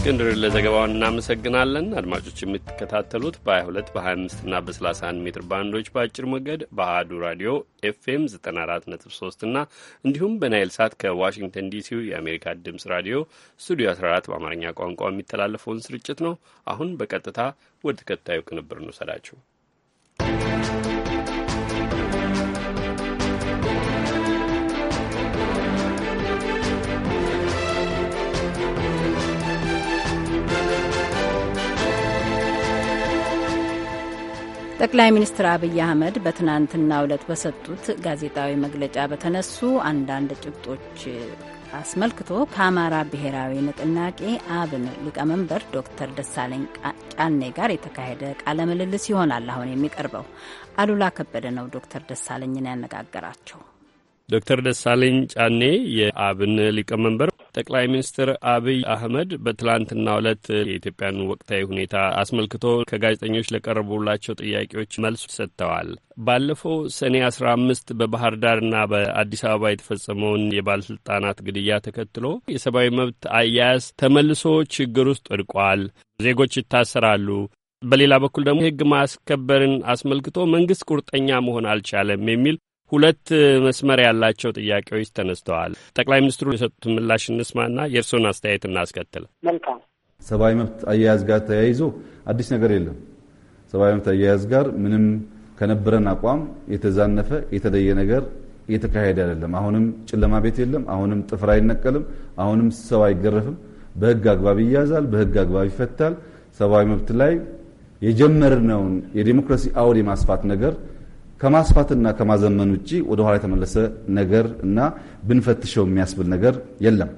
እስክንድር ለዘገባው እናመሰግናለን። አድማጮች የምትከታተሉት በ22 በ25ና በ31 ሜትር ባንዶች በአጭር ሞገድ በአሀዱ ራዲዮ ኤፍኤም 943 እና እንዲሁም በናይል ሳት ከዋሽንግተን ዲሲው የአሜሪካ ድምፅ ራዲዮ ስቱዲዮ 14 በአማርኛ ቋንቋ የሚተላለፈውን ስርጭት ነው። አሁን በቀጥታ ወደ ተከታዩ ቅንብር እንውሰዳችሁ። ጠቅላይ ሚኒስትር አብይ አህመድ በትናንትናው ዕለት በሰጡት ጋዜጣዊ መግለጫ በተነሱ አንዳንድ ጭብጦች አስመልክቶ ከአማራ ብሔራዊ ንቅናቄ አብን ሊቀመንበር ዶክተር ደሳለኝ ጫኔ ጋር የተካሄደ ቃለ ምልልስ ይሆናል አሁን የሚቀርበው። አሉላ ከበደ ነው ዶክተር ደሳለኝን ያነጋገራቸው። ዶክተር ደሳለኝ ጫኔ የአብን ሊቀመንበር፣ ጠቅላይ ሚኒስትር አብይ አህመድ በትላንትና ዕለት የኢትዮጵያን ወቅታዊ ሁኔታ አስመልክቶ ከጋዜጠኞች ለቀረቡላቸው ጥያቄዎች መልስ ሰጥተዋል። ባለፈው ሰኔ አስራ አምስት በባህር ዳርና በአዲስ አበባ የተፈጸመውን የባለስልጣናት ግድያ ተከትሎ የሰብአዊ መብት አያያዝ ተመልሶ ችግር ውስጥ ወድቋል፣ ዜጎች ይታሰራሉ። በሌላ በኩል ደግሞ የህግ ማስከበርን አስመልክቶ መንግስት ቁርጠኛ መሆን አልቻለም የሚል ሁለት መስመር ያላቸው ጥያቄዎች ተነስተዋል። ጠቅላይ ሚኒስትሩ የሰጡትን ምላሽ እንስማና የእርስዎን አስተያየት እናስከትል። መልካም። ሰብአዊ መብት አያያዝ ጋር ተያይዞ አዲስ ነገር የለም። ሰብአዊ መብት አያያዝ ጋር ምንም ከነበረን አቋም የተዛነፈ የተለየ ነገር እየተካሄደ አይደለም። አሁንም ጨለማ ቤት የለም። አሁንም ጥፍር አይነቀልም። አሁንም ሰው አይገረፍም። በህግ አግባብ ይያዛል፣ በህግ አግባብ ይፈታል። ሰብአዊ መብት ላይ የጀመርነውን የዲሞክራሲ አውድ የማስፋት ነገር ከማስፋትና ከማዘመን ውጭ ወደኋላ የተመለሰ ነገር እና ብንፈትሸው የሚያስብል ነገር የለም።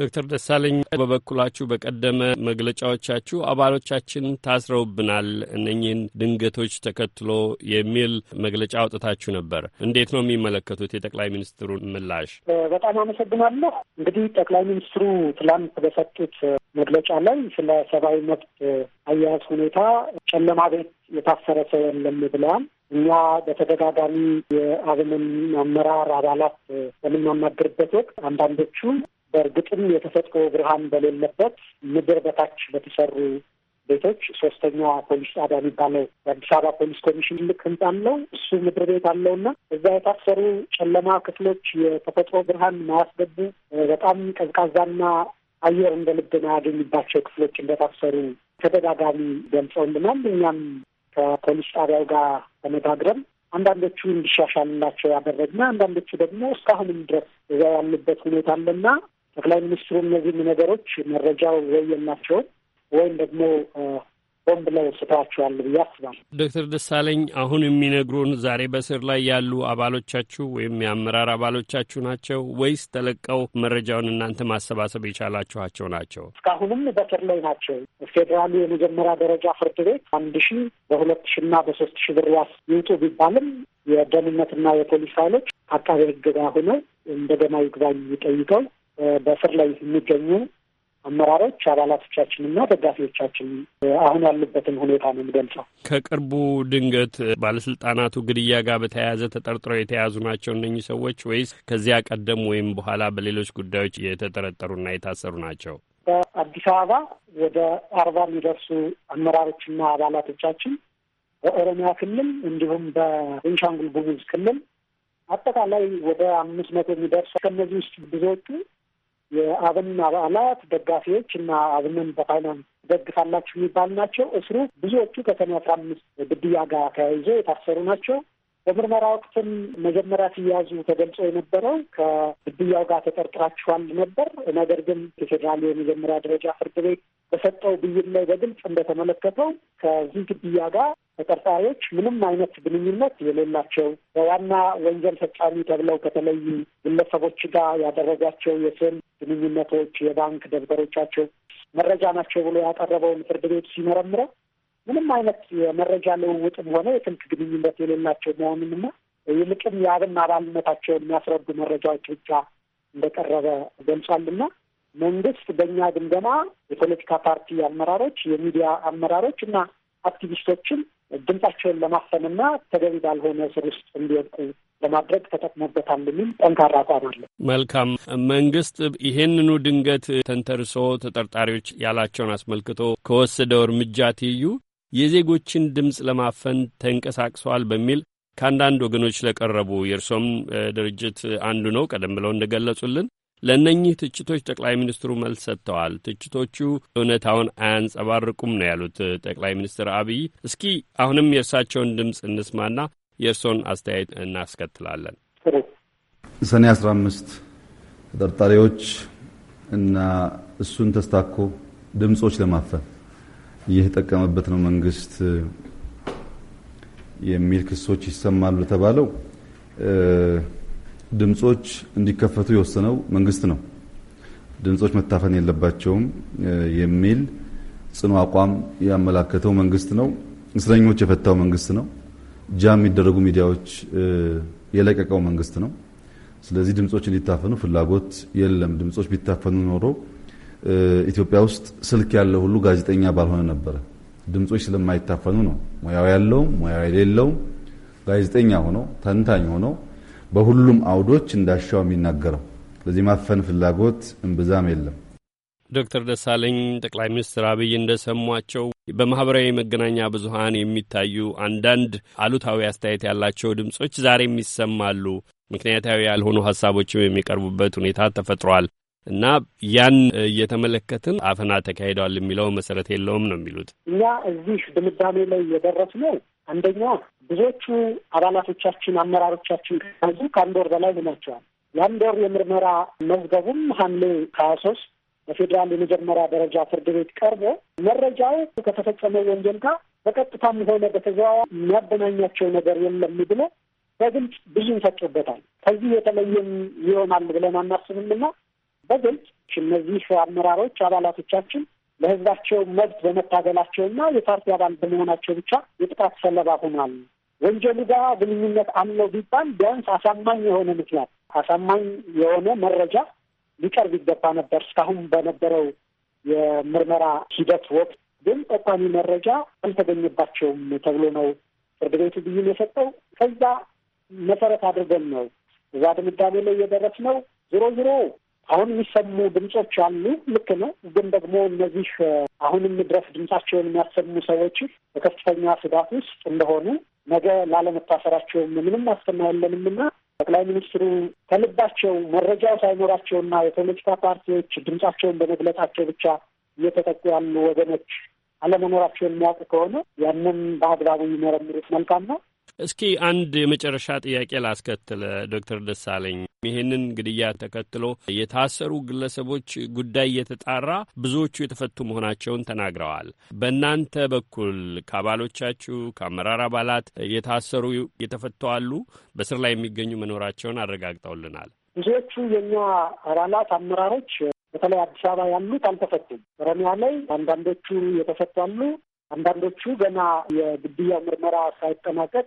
ዶክተር ደሳለኝ በበኩላችሁ በቀደመ መግለጫዎቻችሁ አባሎቻችን ታስረውብናል እነኚህን ድንገቶች ተከትሎ የሚል መግለጫ አውጥታችሁ ነበር። እንዴት ነው የሚመለከቱት የጠቅላይ ሚኒስትሩን ምላሽ? በጣም አመሰግናለሁ። እንግዲህ ጠቅላይ ሚኒስትሩ ትላንት በሰጡት መግለጫ ላይ ስለ ሰብአዊ መብት አያያዝ ሁኔታ ጨለማ ቤት የታሰረ ሰው የለም ብለዋል። እኛ በተደጋጋሚ የአብንን አመራር አባላት በምናናገርበት ወቅት አንዳንዶቹ በእርግጥም የተፈጥሮ ብርሃን በሌለበት ምድር በታች በተሰሩ ቤቶች ሶስተኛ ፖሊስ ጣቢያ የሚባለው የአዲስ አበባ ፖሊስ ኮሚሽን ልክ ህንጻ አለው። እሱ ምድር ቤት አለውና እዛ የታሰሩ ጨለማ ክፍሎች የተፈጥሮ ብርሃን ማያስገቡ በጣም ቀዝቃዛና አየር እንደ ልብ ማያገኝባቸው ክፍሎች እንደታሰሩ ተደጋጋሚ ገልጸውልናል። እኛም ከፖሊስ ጣቢያው ጋር ተነጋግረን አንዳንዶቹ እንዲሻሻልላቸው ያደረግና አንዳንዶቹ ደግሞ እስካሁንም ድረስ እዛ ያሉበት ሁኔታ አለና ጠቅላይ ሚኒስትሩ እነዚህም ነገሮች መረጃው ወይ የላቸውም ወይም ደግሞ ቦምብ ላይ ስታችኋል ብዬ አስባለሁ። ዶክተር ደሳለኝ አሁን የሚነግሩን ዛሬ በስር ላይ ያሉ አባሎቻችሁ ወይም የአመራር አባሎቻችሁ ናቸው ወይስ ተለቀው መረጃውን እናንተ ማሰባሰብ የቻላችኋቸው ናቸው? እስካሁንም በስር ላይ ናቸው። ፌዴራሉ የመጀመሪያ ደረጃ ፍርድ ቤት አንድ ሺ በሁለት ሺ እና በሶስት ሺ ብር ዋስ ይውጡ ቢባልም የደህንነትና የፖሊስ ኃይሎች አቃቤ ሕግ ጋር ሆነው እንደገና ይግባኝ ጠይቀው በስር ላይ የሚገኙ አመራሮች አባላቶቻችንና ደጋፊዎቻችን አሁን ያሉበትን ሁኔታ ነው የሚገልጸው። ከቅርቡ ድንገት ባለስልጣናቱ ግድያ ጋር በተያያዘ ተጠርጥረው የተያዙ ናቸው እነኚህ ሰዎች ወይስ ከዚያ ቀደም ወይም በኋላ በሌሎች ጉዳዮች የተጠረጠሩና የታሰሩ ናቸው? በአዲስ አበባ ወደ አርባ የሚደርሱ አመራሮችና አባላቶቻችን በኦሮሚያ ክልል እንዲሁም በቤንሻንጉል ጉሙዝ ክልል አጠቃላይ ወደ አምስት መቶ የሚደርሱ ከእነዚህ ውስጥ ብዙዎቹ የአብን አባላት ደጋፊዎች እና አብንን በፋይናንስ ደግፋላችሁ የሚባሉ ናቸው። እስሩ ብዙዎቹ ከሰኔ አስራ አምስት ግድያ ጋር ተያይዞ የታሰሩ ናቸው። በምርመራ ወቅትም መጀመሪያ ሲያዙ ተገልጾ የነበረው ከግድያው ጋር ተጠርጥራችኋል ነበር። ነገር ግን የፌዴራል የመጀመሪያ ደረጃ ፍርድ ቤት በሰጠው ብይን ላይ በግልጽ እንደተመለከተው ከዚህ ግድያ ጋር ተጠርጣሪዎች ምንም አይነት ግንኙነት የሌላቸው በዋና ወንጀል ፈጻሚ ተብለው ከተለዩ ግለሰቦች ጋር ያደረጋቸው የስም ግንኙነቶች፣ የባንክ ደብተሮቻቸው መረጃ ናቸው ብሎ ያቀረበውን ፍርድ ቤት ሲመረምረው ምንም አይነት የመረጃ ልውውጥም ሆነ የስልክ ግንኙነት የሌላቸው መሆኑንና ይልቅም የአብን አባልነታቸውን የሚያስረዱ መረጃዎች ብቻ እንደቀረበ ገልጿልና መንግስት በእኛ ግምገማ የፖለቲካ ፓርቲ አመራሮች፣ የሚዲያ አመራሮች እና አክቲቪስቶችን ድምጻቸውን ለማፈንና ተገቢ ባልሆነ እስር ውስጥ እንዲወድቁ ለማድረግ ተጠቅሞበታል የሚል ጠንካራ አቋም አለ። መልካም መንግስት ይሄንኑ ድንገት ተንተርሶ ተጠርጣሪዎች ያላቸውን አስመልክቶ ከወሰደው እርምጃ ትይዩ የዜጎችን ድምፅ ለማፈን ተንቀሳቅሰዋል በሚል ከአንዳንድ ወገኖች ለቀረቡ የእርሶም ድርጅት አንዱ ነው ቀደም ብለው እንደገለጹልን ለእነኚህ ትችቶች ጠቅላይ ሚኒስትሩ መልስ ሰጥተዋል። ትችቶቹ እውነታውን አያንጸባርቁም ነው ያሉት ጠቅላይ ሚኒስትር አብይ። እስኪ አሁንም የእርሳቸውን ድምፅ እንስማና የእርስዎን አስተያየት እናስከትላለን። ሰኔ አስራ አምስት ተጠርጣሪዎች እና እሱን ተስታኮ ድምፆች ለማፈን እየተጠቀመበት ነው መንግስት የሚል ክሶች ይሰማሉ ለተባለው ድምፆች እንዲከፈቱ የወሰነው መንግስት ነው። ድምፆች መታፈን የለባቸውም የሚል ጽኑ አቋም ያመላከተው መንግስት ነው። እስረኞች የፈታው መንግስት ነው። ጃም የሚደረጉ ሚዲያዎች የለቀቀው መንግስት ነው። ስለዚህ ድምጾች እንዲታፈኑ ፍላጎት የለም። ድምጾች ቢታፈኑ ኖሮ ኢትዮጵያ ውስጥ ስልክ ያለው ሁሉ ጋዜጠኛ ባልሆነ ነበረ። ድምጾች ስለማይታፈኑ ነው ሙያው ያለውም ሙያው የሌለውም ጋዜጠኛ ሆኖ ተንታኝ ሆኖ በሁሉም አውዶች እንዳሻው የሚናገረው። ስለዚህ ማፈን ፍላጎት እምብዛም የለም። ዶክተር ደሳለኝ ጠቅላይ ሚኒስትር አብይ እንደሰሟቸው በማህበራዊ መገናኛ ብዙሀን የሚታዩ አንዳንድ አሉታዊ አስተያየት ያላቸው ድምጾች ዛሬም ይሰማሉ። ምክንያታዊ ያልሆኑ ሀሳቦችም የሚቀርቡበት ሁኔታ ተፈጥሯል እና ያን እየተመለከትን አፈና ተካሂደዋል የሚለው መሰረት የለውም ነው የሚሉት። እኛ እዚህ ድምዳሜ ላይ የደረስነው አንደኛ ብዙዎቹ አባላቶቻችን፣ አመራሮቻችን ከዙ ከአንድ ወር በላይ ሆናቸዋል። የአንድ ወር የምርመራ መዝገቡም ሐምሌ ሀያ ሶስት በፌዴራል የመጀመሪያ ደረጃ ፍርድ ቤት ቀርቦ መረጃው ከተፈጸመ ወንጀል ጋር በቀጥታም ሆነ በተዘዋዋ የሚያገናኛቸው ነገር የለም ብሎ በግልጽ ብዙ ይፈጡበታል። ከዚህ የተለየም ይሆናል ብለን አናስብምና በግልጽ እነዚህ አመራሮች አባላቶቻችን ለህዝባቸው መብት በመታገላቸውና የፓርቲ አባል በመሆናቸው ብቻ የጥቃት ሰለባ ሆኗል። ወንጀሉ ጋር ግንኙነት አለው ቢባል ቢያንስ አሳማኝ የሆነ ምክንያት አሳማኝ የሆነ መረጃ ሊቀርብ ይገባ ነበር። እስካሁን በነበረው የምርመራ ሂደት ወቅት ግን ጠቋሚ መረጃ አልተገኘባቸውም ተብሎ ነው ፍርድ ቤቱ ብይን የሰጠው። ከዛ መሰረት አድርገን ነው እዛ ድምዳሜ ላይ ነው። ዞሮ ዞሮ አሁን የሚሰሙ ድምፆች አሉ፣ ልክ ነው። ግን ደግሞ እነዚህ አሁንም ድረስ ድምፃቸውን የሚያሰሙ ሰዎች በከፍተኛ ስጋት ውስጥ እንደሆኑ ነገ ላለመታሰራቸውም ምንም ዋስትና የለንም ጠቅላይ ሚኒስትሩ ከልባቸው መረጃው ሳይኖራቸውና የፖለቲካ ፓርቲዎች ድምጻቸውን በመግለጻቸው ብቻ እየተጠቁ ያሉ ወገኖች አለመኖራቸውን የሚያውቁ ከሆነ ያንን በአግባቡ ይመረምሩት መልካም ነው። እስኪ አንድ የመጨረሻ ጥያቄ ላስከትለ ዶክተር ደሳለኝ ይህንን ግድያ ተከትሎ የታሰሩ ግለሰቦች ጉዳይ እየተጣራ ብዙዎቹ የተፈቱ መሆናቸውን ተናግረዋል። በእናንተ በኩል ከአባሎቻችሁ ከአመራር አባላት የታሰሩ የተፈቱ አሉ፣ በስር ላይ የሚገኙ መኖራቸውን አረጋግጠውልናል። ብዙዎቹ የእኛ አባላት አመራሮች በተለይ አዲስ አበባ ያሉት አልተፈቱም። ኦሮሚያ ላይ አንዳንዶቹ የተፈቱ አሉ። አንዳንዶቹ ገና የግድያው ምርመራ ሳይጠናቀቅ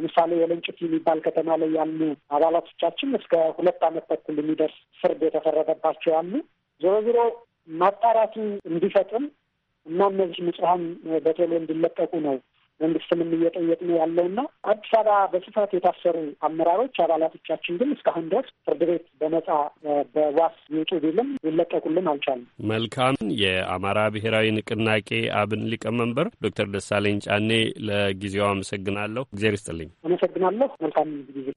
ለምሳሌ ወለንጭቲ የሚባል ከተማ ላይ ያሉ አባላቶቻችን እስከ ሁለት ዓመት ተኩል የሚደርስ ፍርድ የተፈረደባቸው ያሉ ዞሮ ዞሮ ማጣራቱ እንዲፈጥም እና እነዚህ ንጹሀን በቶሎ እንዲለቀቁ ነው መንግስትንም እየጠየቅን ያለው እና አዲስ አበባ በስፋት የታሰሩ አመራሮች አባላቶቻችን ግን እስካሁን ድረስ ፍርድ ቤት በነጻ በዋስ ይውጡ ቢልም ሊለቀቁልን አልቻሉም። መልካም። የአማራ ብሔራዊ ንቅናቄ አብን ሊቀመንበር ዶክተር ደሳለኝ ጫኔ ለጊዜው አመሰግናለሁ። እግዜር ይስጥልኝ። አመሰግናለሁ። መልካም ጊዜ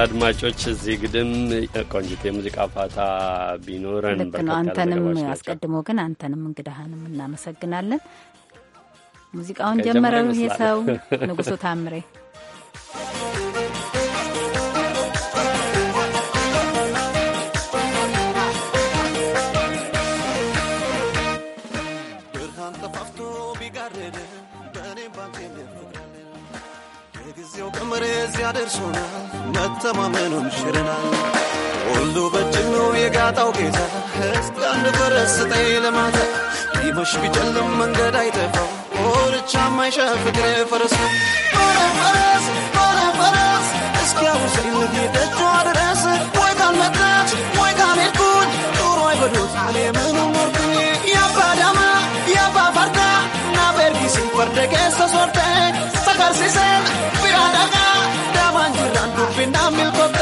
አድማጮች እዚህ ግድም ቆንጅት የሙዚቃ ፋታ ቢኖረን ልክ ነው። አንተንም አስቀድሞ ግን አንተንም እንግዳህንም እናመሰግናለን። ሙዚቃውን ጀመረው ይሄ ሰው ንጉሱ ታምሬ ጊዜው ቀመሬ እዚያ ደርሶናል መተማመኑን ሽረናል። ሁሉ በእጅግ ነው የጋጣው ጌታ። አንድ ፈረስ ስጠኝ ለማታ ሊመሽ ቢጨልም መንገድ አይጠፋው ኦርቻ ማይሻ ፍቅሬ ፈረስ ነው ፈረስ ፈረስ ወይ ካልመጣች ወይ ካልሄድኩኝ አይበዱት ሰሶርተ ቢራዳቃ بنعمل قدر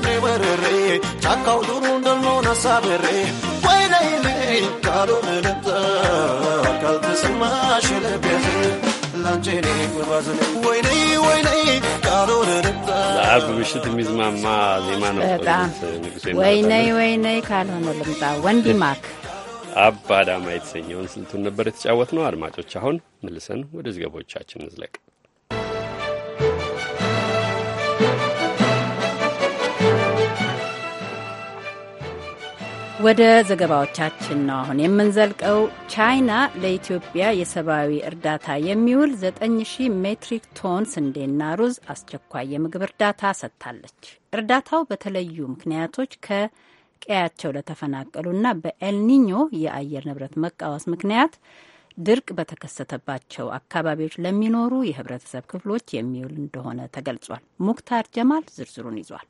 ጫካው ዱሩ እንደሆነ ነሳ ወይ ላይኔ ቃሉን ልምጣ ካልተሰማሽ ልቤት ለአርብ ምሽት የሚዝማማ ዜማ ነው። በጣም ወይኔ ካልሆነ ልምጣ ወንዲ ማክ አባዳማ የተሰኘውን ስልቱን ነበር የተጫወት ነው። አድማጮች አሁን መልሰን ወደ ዝገቦቻችን እንዝለቅ። ወደ ዘገባዎቻችን ነው አሁን የምንዘልቀው። ቻይና ለኢትዮጵያ የሰብአዊ እርዳታ የሚውል 9000 ሜትሪክ ቶን ስንዴና ሩዝ አስቸኳይ የምግብ እርዳታ ሰጥታለች። እርዳታው በተለዩ ምክንያቶች ከቀያቸው ለተፈናቀሉና በኤልኒኞ የአየር ንብረት መቃወስ ምክንያት ድርቅ በተከሰተባቸው አካባቢዎች ለሚኖሩ የህብረተሰብ ክፍሎች የሚውል እንደሆነ ተገልጿል። ሙክታር ጀማል ዝርዝሩን ይዟል።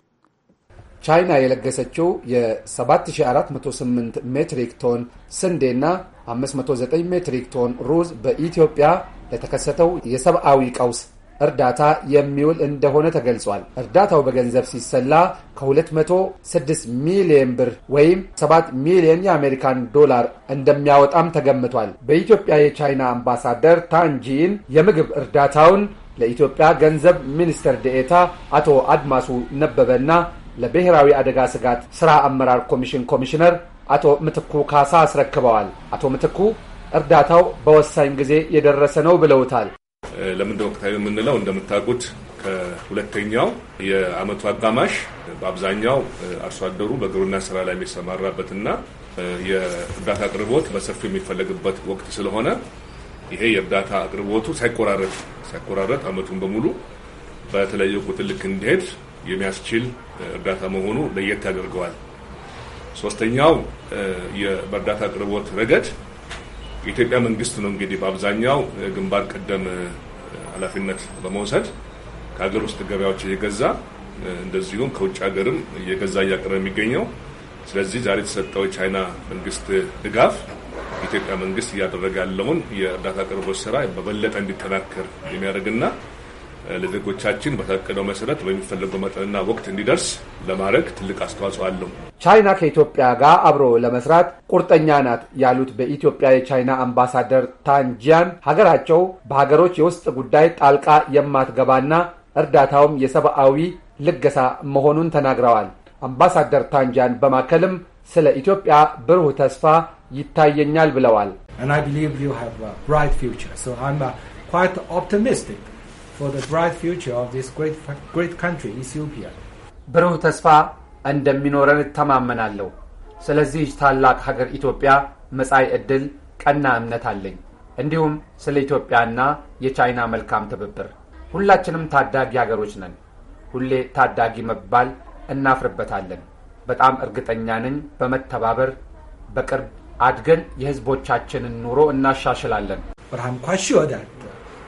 ቻይና የለገሰችው የ7408 ሜትሪክ ቶን ስንዴና 509 ሜትሪክ ቶን ሩዝ በኢትዮጵያ ለተከሰተው የሰብአዊ ቀውስ እርዳታ የሚውል እንደሆነ ተገልጿል። እርዳታው በገንዘብ ሲሰላ ከ206 ሚሊዮን ብር ወይም 7 ሚሊዮን የአሜሪካን ዶላር እንደሚያወጣም ተገምቷል። በኢትዮጵያ የቻይና አምባሳደር ታንጂን የምግብ እርዳታውን ለኢትዮጵያ ገንዘብ ሚኒስትር ደኤታ አቶ አድማሱ ነበበና ለብሔራዊ አደጋ ስጋት ስራ አመራር ኮሚሽን ኮሚሽነር አቶ ምትኩ ካሳ አስረክበዋል። አቶ ምትኩ እርዳታው በወሳኝ ጊዜ የደረሰ ነው ብለውታል። ለምንድን ወቅታዊ የምንለው እንደምታውቁት ከሁለተኛው የአመቱ አጋማሽ በአብዛኛው አርሶ አደሩ በግብርና ስራ ላይ የሚሰማራበትና የእርዳታ አቅርቦት በሰፊው የሚፈለግበት ወቅት ስለሆነ ይሄ የእርዳታ አቅርቦቱ ሳይቆራረጥ ሳይቆራረጥ አመቱን በሙሉ በተለየ ቁጥር ልክ እንዲሄድ የሚያስችል እርዳታ መሆኑ ለየት ያደርገዋል። ሶስተኛው በእርዳታ አቅርቦት ረገድ የኢትዮጵያ መንግስት ነው እንግዲህ በአብዛኛው ግንባር ቀደም ኃላፊነት በመውሰድ ከሀገር ውስጥ ገበያዎች እየገዛ እንደዚሁም ከውጭ ሀገርም እየገዛ እያቀረበ የሚገኘው። ስለዚህ ዛሬ የተሰጠው የቻይና መንግስት ድጋፍ የኢትዮጵያ መንግስት እያደረገ ያለውን የእርዳታ አቅርቦት ስራ በበለጠ እንዲጠናከር የሚያደርግና ለዜጎቻችን በታቀደው መሰረት በሚፈለገው መጠንና ወቅት እንዲደርስ ለማድረግ ትልቅ አስተዋጽኦ አለው። ቻይና ከኢትዮጵያ ጋር አብሮ ለመስራት ቁርጠኛ ናት ያሉት በኢትዮጵያ የቻይና አምባሳደር ታንጂያን ሀገራቸው በሀገሮች የውስጥ ጉዳይ ጣልቃ የማትገባና እርዳታውም የሰብአዊ ልገሳ መሆኑን ተናግረዋል። አምባሳደር ታንጂያን በማከልም ስለ ኢትዮጵያ ብሩህ ተስፋ ይታየኛል ብለዋል። And for the bright future ብሩህ ተስፋ እንደሚኖረን እተማመናለሁ። ስለዚህች ታላቅ ሀገር ኢትዮጵያ መጻኢ ዕድል ቀና እምነት አለኝ። እንዲሁም ስለ ኢትዮጵያና የቻይና መልካም ትብብር። ሁላችንም ታዳጊ ሀገሮች ነን። ሁሌ ታዳጊ መባል እናፍርበታለን። በጣም እርግጠኛ ነኝ በመተባበር በቅርብ አድገን የህዝቦቻችንን ኑሮ እናሻሽላለን። ብርሃም ኳሽ ይወዳል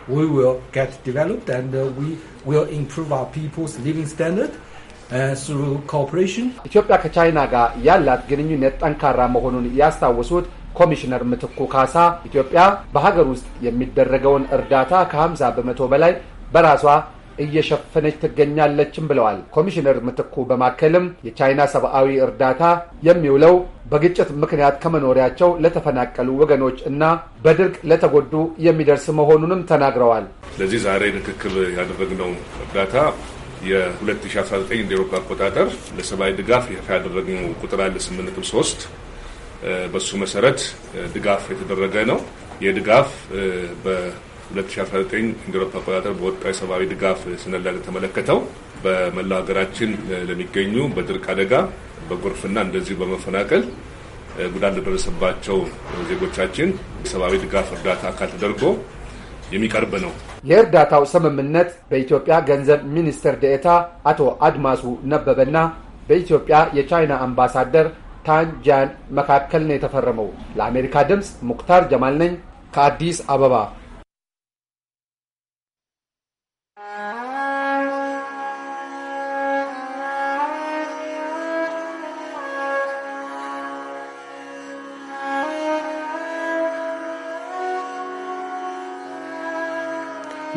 we will get developed and uh, we will improve our people's living standard uh, through cooperation. ኢትዮጵያ ከቻይና ጋር ያላት ግንኙነት ጠንካራ መሆኑን ያስታወሱት ኮሚሽነር ምትኩ ካሳ ኢትዮጵያ በሀገር ውስጥ የሚደረገውን እርዳታ ከ50 በመቶ በላይ በራሷ እየሸፈነች ትገኛለችም ብለዋል። ኮሚሽነር ምትኩ በማከልም የቻይና ሰብአዊ እርዳታ የሚውለው በግጭት ምክንያት ከመኖሪያቸው ለተፈናቀሉ ወገኖች እና በድርቅ ለተጎዱ የሚደርስ መሆኑንም ተናግረዋል። ለዚህ ዛሬ ንክክል ያደረግነው እርዳታ የ2019 እንደ ኤሮፓ አቆጣጠር ለሰብአዊ ድጋፍ ይፋ ያደረግነው ቁጥር አለ 8.3 በሱ መሰረት ድጋፍ የተደረገ ነው። የድጋፍ 2019 እንደ ኤሮፓ አቆጣጠር በወጣው የሰብአዊ ድጋፍ ስነላ ተመለከተው በመላው ሀገራችን ለሚገኙ በድርቅ አደጋ በጎርፍና እንደዚሁ በመፈናቀል ጉዳት ለደረሰባቸው ዜጎቻችን የሰብአዊ ድጋፍ እርዳታ አካል ተደርጎ የሚቀርብ ነው። የእርዳታው ስምምነት በኢትዮጵያ ገንዘብ ሚኒስትር ደኤታ አቶ አድማሱ ነበበና በኢትዮጵያ የቻይና አምባሳደር ታን ጃን መካከል ነው የተፈረመው። ለአሜሪካ ድምፅ ሙክታር ጀማል ነኝ ከአዲስ አበባ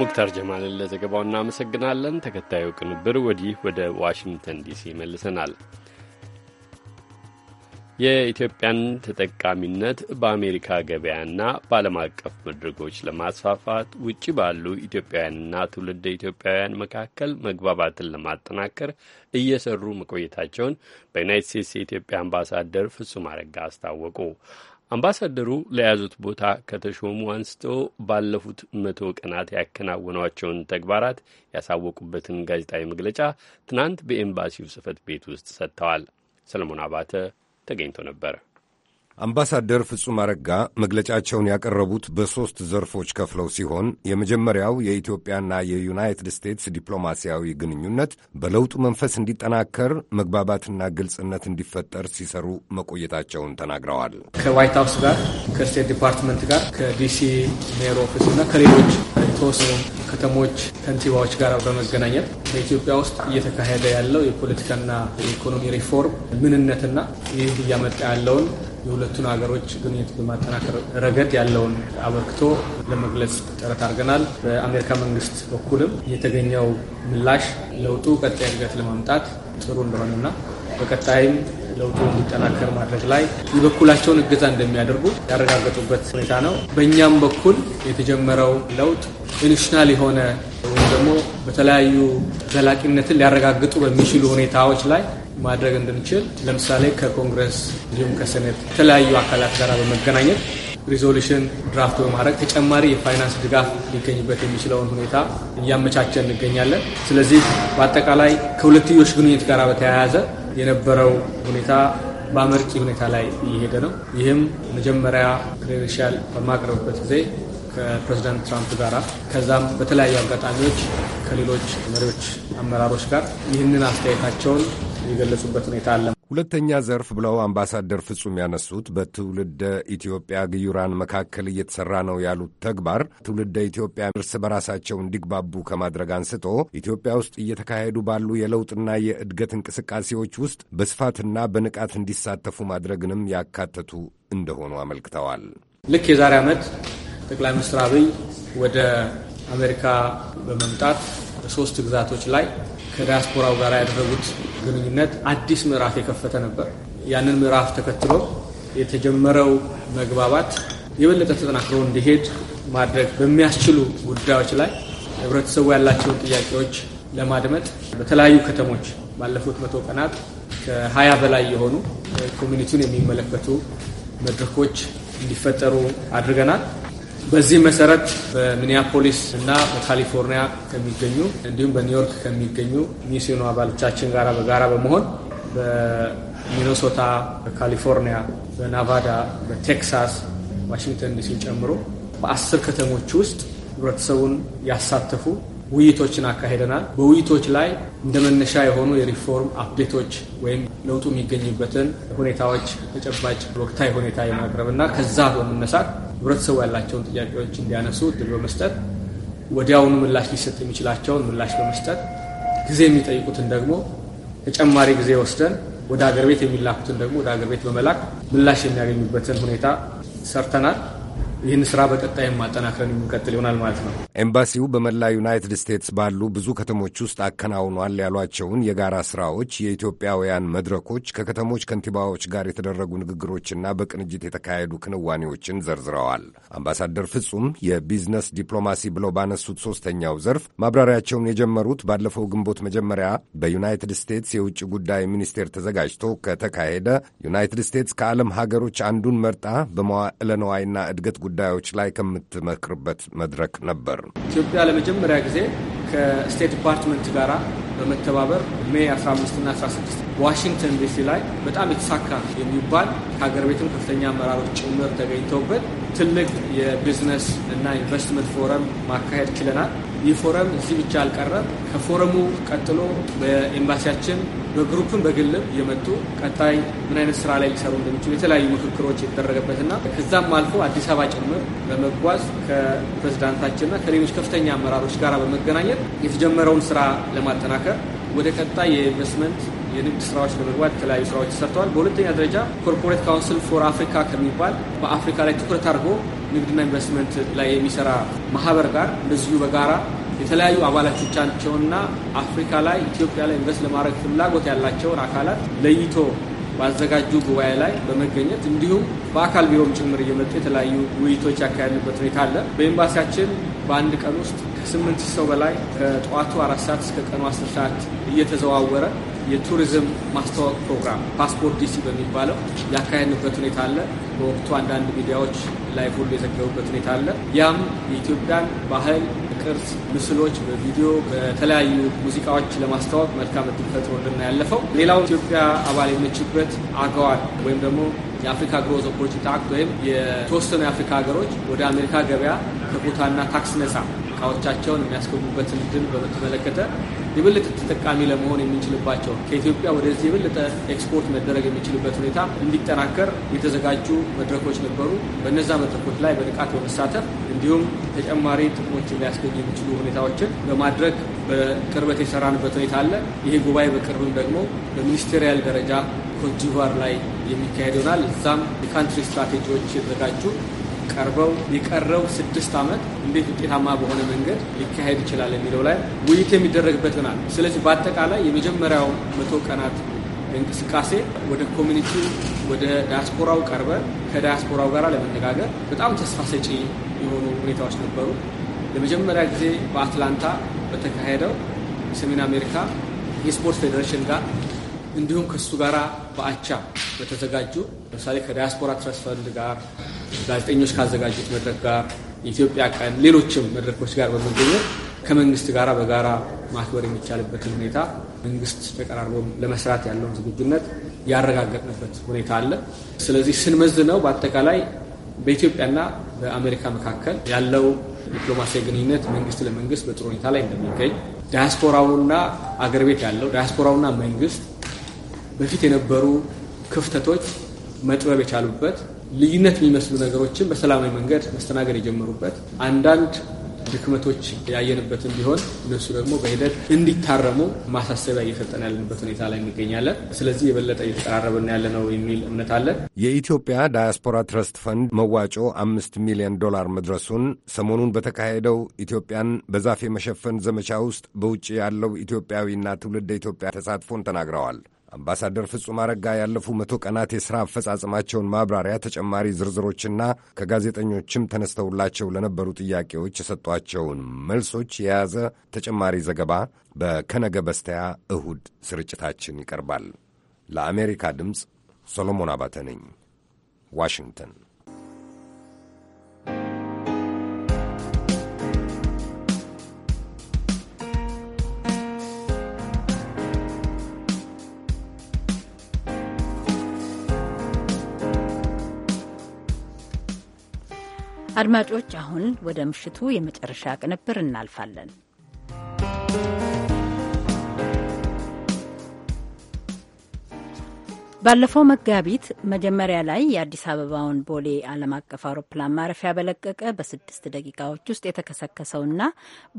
ሙክታር ጀማልን ለዘገባው እናመሰግናለን። ተከታዩ ቅንብር ወዲህ ወደ ዋሽንግተን ዲሲ መልሰናል። የኢትዮጵያን ተጠቃሚነት በአሜሪካ ገበያና በዓለም አቀፍ መድረጎች ለማስፋፋት ውጭ ባሉ ኢትዮጵያውያንና ትውልደ ኢትዮጵያውያን መካከል መግባባትን ለማጠናከር እየሰሩ መቆየታቸውን በዩናይት ስቴትስ የኢትዮጵያ አምባሳደር ፍጹም አረጋ አስታወቁ። አምባሳደሩ ለያዙት ቦታ ከተሾሙ አንስቶ ባለፉት መቶ ቀናት ያከናወኗቸውን ተግባራት ያሳወቁበትን ጋዜጣዊ መግለጫ ትናንት በኤምባሲው ጽህፈት ቤት ውስጥ ሰጥተዋል። ሰለሞን አባተ ተገኝቶ ነበር። አምባሳደር ፍጹም አረጋ መግለጫቸውን ያቀረቡት በሦስት ዘርፎች ከፍለው ሲሆን የመጀመሪያው የኢትዮጵያና የዩናይትድ ስቴትስ ዲፕሎማሲያዊ ግንኙነት በለውጡ መንፈስ እንዲጠናከር መግባባትና ግልጽነት እንዲፈጠር ሲሰሩ መቆየታቸውን ተናግረዋል። ከዋይት ሀውስ ጋር፣ ከስቴት ዲፓርትመንት ጋር፣ ከዲሲ ሜሮ ኦፊስ እና ከሌሎች የተወሰኑ ከተሞች ከንቲባዎች ጋር በመገናኘት በኢትዮጵያ ውስጥ እየተካሄደ ያለው የፖለቲካና የኢኮኖሚ ሪፎርም ምንነትና ይህ እያመጣ ያለውን የሁለቱን ሀገሮች ግንኙነት በማጠናከር ረገድ ያለውን አበርክቶ ለመግለጽ ጥረት አድርገናል። በአሜሪካ መንግስት በኩልም የተገኘው ምላሽ ለውጡ ቀጣይ እድገት ለማምጣት ጥሩ እንደሆነና በቀጣይም ለውጡ እንዲጠናከር ማድረግ ላይ የበኩላቸውን እገዛ እንደሚያደርጉ ያረጋገጡበት ሁኔታ ነው። በእኛም በኩል የተጀመረው ለውጥ ኢንሽናል የሆነ ወይም ደግሞ በተለያዩ ዘላቂነትን ሊያረጋግጡ በሚችሉ ሁኔታዎች ላይ ማድረግ እንድንችል ለምሳሌ ከኮንግረስ እንዲሁም ከሴኔት የተለያዩ አካላት ጋር በመገናኘት ሪዞሉሽን ድራፍት በማድረግ ተጨማሪ የፋይናንስ ድጋፍ ሊገኝበት የሚችለውን ሁኔታ እያመቻቸ እንገኛለን። ስለዚህ በአጠቃላይ ከሁለትዮሽ ግንኙነት ጋር በተያያዘ የነበረው ሁኔታ በአመርቂ ሁኔታ ላይ እየሄደ ነው። ይህም መጀመሪያ ክሬደንሻል በማቅረብበት ጊዜ ከፕሬዚዳንት ትራምፕ ጋር ከዛም በተለያዩ አጋጣሚዎች ከሌሎች መሪዎች፣ አመራሮች ጋር ይህንን አስተያየታቸውን የገለጹበት ሁኔታ አለ። ሁለተኛ ዘርፍ ብለው አምባሳደር ፍጹም ያነሱት በትውልደ ኢትዮጵያ ግዩራን መካከል እየተሰራ ነው ያሉት ተግባር ትውልደ ኢትዮጵያ እርስ በራሳቸው እንዲግባቡ ከማድረግ አንስቶ ኢትዮጵያ ውስጥ እየተካሄዱ ባሉ የለውጥና የእድገት እንቅስቃሴዎች ውስጥ በስፋትና በንቃት እንዲሳተፉ ማድረግንም ያካተቱ እንደሆኑ አመልክተዋል። ልክ የዛሬ ዓመት ጠቅላይ ሚኒስትር አብይ ወደ አሜሪካ በመምጣት በሶስት ግዛቶች ላይ ከዲያስፖራው ጋር ያደረጉት ግንኙነት አዲስ ምዕራፍ የከፈተ ነበር። ያንን ምዕራፍ ተከትሎ የተጀመረው መግባባት የበለጠ ተጠናክሮ እንዲሄድ ማድረግ በሚያስችሉ ጉዳዮች ላይ ህብረተሰቡ ያላቸውን ጥያቄዎች ለማድመጥ በተለያዩ ከተሞች ባለፉት መቶ ቀናት ከሀያ በላይ የሆኑ ኮሚኒቲውን የሚመለከቱ መድረኮች እንዲፈጠሩ አድርገናል። በዚህ መሰረት በሚኒያፖሊስ እና በካሊፎርኒያ ከሚገኙ እንዲሁም በኒውዮርክ ከሚገኙ ሚስዮኑ አባሎቻችን ጋራ በጋራ በመሆን በሚኖሶታ፣ በካሊፎርኒያ፣ በናቫዳ፣ በቴክሳስ፣ ዋሽንግተን ዲሲን ጨምሮ በአስር ከተሞች ውስጥ ህብረተሰቡን ያሳተፉ ውይይቶችን አካሄደናል። በውይይቶች ላይ እንደ መነሻ የሆኑ የሪፎርም አፕዴቶች ወይም ለውጡ የሚገኝበትን ሁኔታዎች ተጨባጭ ወቅታዊ ሁኔታ የማቅረብ እና ከዛ በመነሳት ህብረተሰቡ ያላቸውን ጥያቄዎች እንዲያነሱ እድል በመስጠት ወዲያውኑ ምላሽ ሊሰጥ የሚችላቸውን ምላሽ በመስጠት ጊዜ የሚጠይቁትን ደግሞ ተጨማሪ ጊዜ ወስደን ወደ ሀገር ቤት የሚላኩትን ደግሞ ወደ አገር ቤት በመላክ ምላሽ የሚያገኙበትን ሁኔታ ሰርተናል። ይህን ስራ በቀጣይ ማጠናከርን የሚቀጥል ይሆናል ማለት ነው። ኤምባሲው በመላ ዩናይትድ ስቴትስ ባሉ ብዙ ከተሞች ውስጥ አከናውኗል ያሏቸውን የጋራ ስራዎች፣ የኢትዮጵያውያን መድረኮች፣ ከከተሞች ከንቲባዎች ጋር የተደረጉ ንግግሮችና በቅንጅት የተካሄዱ ክንዋኔዎችን ዘርዝረዋል። አምባሳደር ፍጹም የቢዝነስ ዲፕሎማሲ ብለው ባነሱት ሶስተኛው ዘርፍ ማብራሪያቸውን የጀመሩት ባለፈው ግንቦት መጀመሪያ በዩናይትድ ስቴትስ የውጭ ጉዳይ ሚኒስቴር ተዘጋጅቶ ከተካሄደ ዩናይትድ ስቴትስ ከዓለም ሀገሮች አንዱን መርጣ በመዋዕለ ነዋይና እድገት ጉዳይ ጉዳዮች ላይ ከምትመክርበት መድረክ ነበር። ኢትዮጵያ ለመጀመሪያ ጊዜ ከስቴት ዲፓርትመንት ጋራ በመተባበር ሜይ 15 እና 16 ዋሽንግተን ዲሲ ላይ በጣም የተሳካ የሚባል ከሀገር ቤትም ከፍተኛ አመራሮች ጭምር ተገኝተውበት ትልቅ የቢዝነስ እና ኢንቨስትመንት ፎረም ማካሄድ ችለናል። ይህ ፎረም እዚህ ብቻ አልቀረም። ከፎረሙ ቀጥሎ በኤምባሲያችን በግሩፕም በግልም የመጡ ቀጣይ ምን አይነት ስራ ላይ ሊሰሩ እንደሚችሉ የተለያዩ ምክክሮች የተደረገበትና ከዛም አልፎ አዲስ አበባ ጭምር በመጓዝ ከፕሬዚዳንታችንና ከሌሎች ከፍተኛ አመራሮች ጋር በመገናኘት የተጀመረውን ስራ ለማጠናከር ወደ ቀጣይ የኢንቨስትመንት የንግድ ስራዎች ለመግባት የተለያዩ ስራዎች ተሰርተዋል። በሁለተኛ ደረጃ ኮርፖሬት ካውንስል ፎር አፍሪካ ከሚባል በአፍሪካ ላይ ትኩረት አድርጎ ንግድና ኢንቨስትመንት ላይ የሚሰራ ማህበር ጋር እንደዚሁ በጋራ የተለያዩ አባላቶቻቸውና አፍሪካ ላይ ኢትዮጵያ ላይ ኢንቨስት ለማድረግ ፍላጎት ያላቸውን አካላት ለይቶ ባዘጋጁ ጉባኤ ላይ በመገኘት እንዲሁም በአካል ቢሮም ጭምር እየመጡ የተለያዩ ውይይቶች ያካሄድንበት ሁኔታ አለ። በኤምባሲያችን በአንድ ቀን ውስጥ ከስምንት ሺህ ሰው በላይ ከጠዋቱ አራት ሰዓት እስከ ቀኑ አስር ሰዓት እየተዘዋወረ የቱሪዝም ማስተዋወቅ ፕሮግራም ፓስፖርት ዲሲ በሚባለው ያካሄድንበት ሁኔታ አለ። በወቅቱ አንዳንድ ሚዲያዎች ላይ ሁሉ የዘገቡበት ሁኔታ አለ። ያም የኢትዮጵያን ባህል ቅርጽ፣ ምስሎች፣ በቪዲዮ በተለያዩ ሙዚቃዎች ለማስተዋወቅ መልካም እድል ፈጥሮልና ያለፈው ሌላው ኢትዮጵያ አባል የሆነችበት አገዋል ወይም ደግሞ የአፍሪካ ግሮዝ ኦፖርቹኒቲ አክት ወይም የተወሰኑ የአፍሪካ ሀገሮች ወደ አሜሪካ ገበያ ከቦታና ታክስ ነጻ እቃዎቻቸውን የሚያስገቡበትን እድል በተመለከተ የበለጠ ተጠቃሚ ለመሆን የምንችልባቸው ከኢትዮጵያ ወደዚህ የበለጠ ኤክስፖርት መደረግ የሚችልበት ሁኔታ እንዲጠናከር የተዘጋጁ መድረኮች ነበሩ። በነዛ መድረኮች ላይ በንቃት በመሳተፍ እንዲሁም ተጨማሪ ጥቅሞች ሊያስገኙ የሚችሉ ሁኔታዎችን በማድረግ በቅርበት የሰራንበት ሁኔታ አለ። ይሄ ጉባኤ በቅርብም ደግሞ በሚኒስቴሪያል ደረጃ ኮትዲቯር ላይ የሚካሄድ ይሆናል። እዛም የካንትሪ ስትራቴጂዎች የተዘጋጁ ቀርበው የቀረው ስድስት ዓመት እንዴት ውጤታማ በሆነ መንገድ ሊካሄድ ይችላል የሚለው ላይ ውይይት የሚደረግበት ይሆናል። ስለዚህ በአጠቃላይ የመጀመሪያው መቶ ቀናት እንቅስቃሴ ወደ ኮሚኒቲ ወደ ዳያስፖራው ቀርበ ከዳያስፖራው ጋር ለመነጋገር በጣም ተስፋ ሰጪ የሆኑ ሁኔታዎች ነበሩ። ለመጀመሪያ ጊዜ በአትላንታ በተካሄደው ሰሜን አሜሪካ የስፖርት ፌዴሬሽን ጋር እንዲሁም ከሱ ጋር በአቻ በተዘጋጁ ለምሳሌ ከዲያስፖራ ትረስ ፈንድ ጋር ጋዜጠኞች ካዘጋጁት መድረክ ጋር የኢትዮጵያ ቀን ሌሎችም መድረኮች ጋር በመገኘት ከመንግስት ጋር በጋራ ማክበር የሚቻልበትን ሁኔታ መንግስት ተቀራርቦ ለመስራት ያለውን ዝግጁነት ያረጋገጥንበት ሁኔታ አለ። ስለዚህ ነው በአጠቃላይ በኢትዮጵያና በአሜሪካ መካከል ያለው ዲፕሎማሲያዊ ግንኙነት መንግስት ለመንግስት በጥሩ ሁኔታ ላይ እንደሚገኝ ዳያስፖራውና አገር ቤት ያለው ዳያስፖራውና መንግስት በፊት የነበሩ ክፍተቶች መጥበብ የቻሉበት ልዩነት የሚመስሉ ነገሮችን በሰላማዊ መንገድ መስተናገድ የጀመሩበት አንዳንድ ድክመቶች ያየንበትን ቢሆን እነሱ ደግሞ በሂደት እንዲታረሙ ማሳሰቢያ እየሰጠን ያለንበት ሁኔታ ላይ እንገኛለን። ስለዚህ የበለጠ እየተቀራረብን ያለ ነው የሚል እምነት አለን። የኢትዮጵያ ዳያስፖራ ትረስት ፈንድ መዋጮ አምስት ሚሊዮን ዶላር መድረሱን ሰሞኑን በተካሄደው ኢትዮጵያን በዛፍ የመሸፈን ዘመቻ ውስጥ በውጭ ያለው ኢትዮጵያዊና ትውልደ ኢትዮጵያ ተሳትፎን ተናግረዋል። አምባሳደር ፍጹም አረጋ ያለፉ መቶ ቀናት የሥራ አፈጻጸማቸውን ማብራሪያ፣ ተጨማሪ ዝርዝሮችና ከጋዜጠኞችም ተነስተውላቸው ለነበሩ ጥያቄዎች የሰጧቸውን መልሶች የያዘ ተጨማሪ ዘገባ በከነገ በስቲያ እሁድ ስርጭታችን ይቀርባል። ለአሜሪካ ድምፅ ሶሎሞን አባተ ነኝ ዋሽንግተን አድማጮች፣ አሁን ወደ ምሽቱ የመጨረሻ ቅንብር እናልፋለን። ባለፈው መጋቢት መጀመሪያ ላይ የአዲስ አበባውን ቦሌ ዓለም አቀፍ አውሮፕላን ማረፊያ በለቀቀ በስድስት ደቂቃዎች ውስጥ የተከሰከሰውና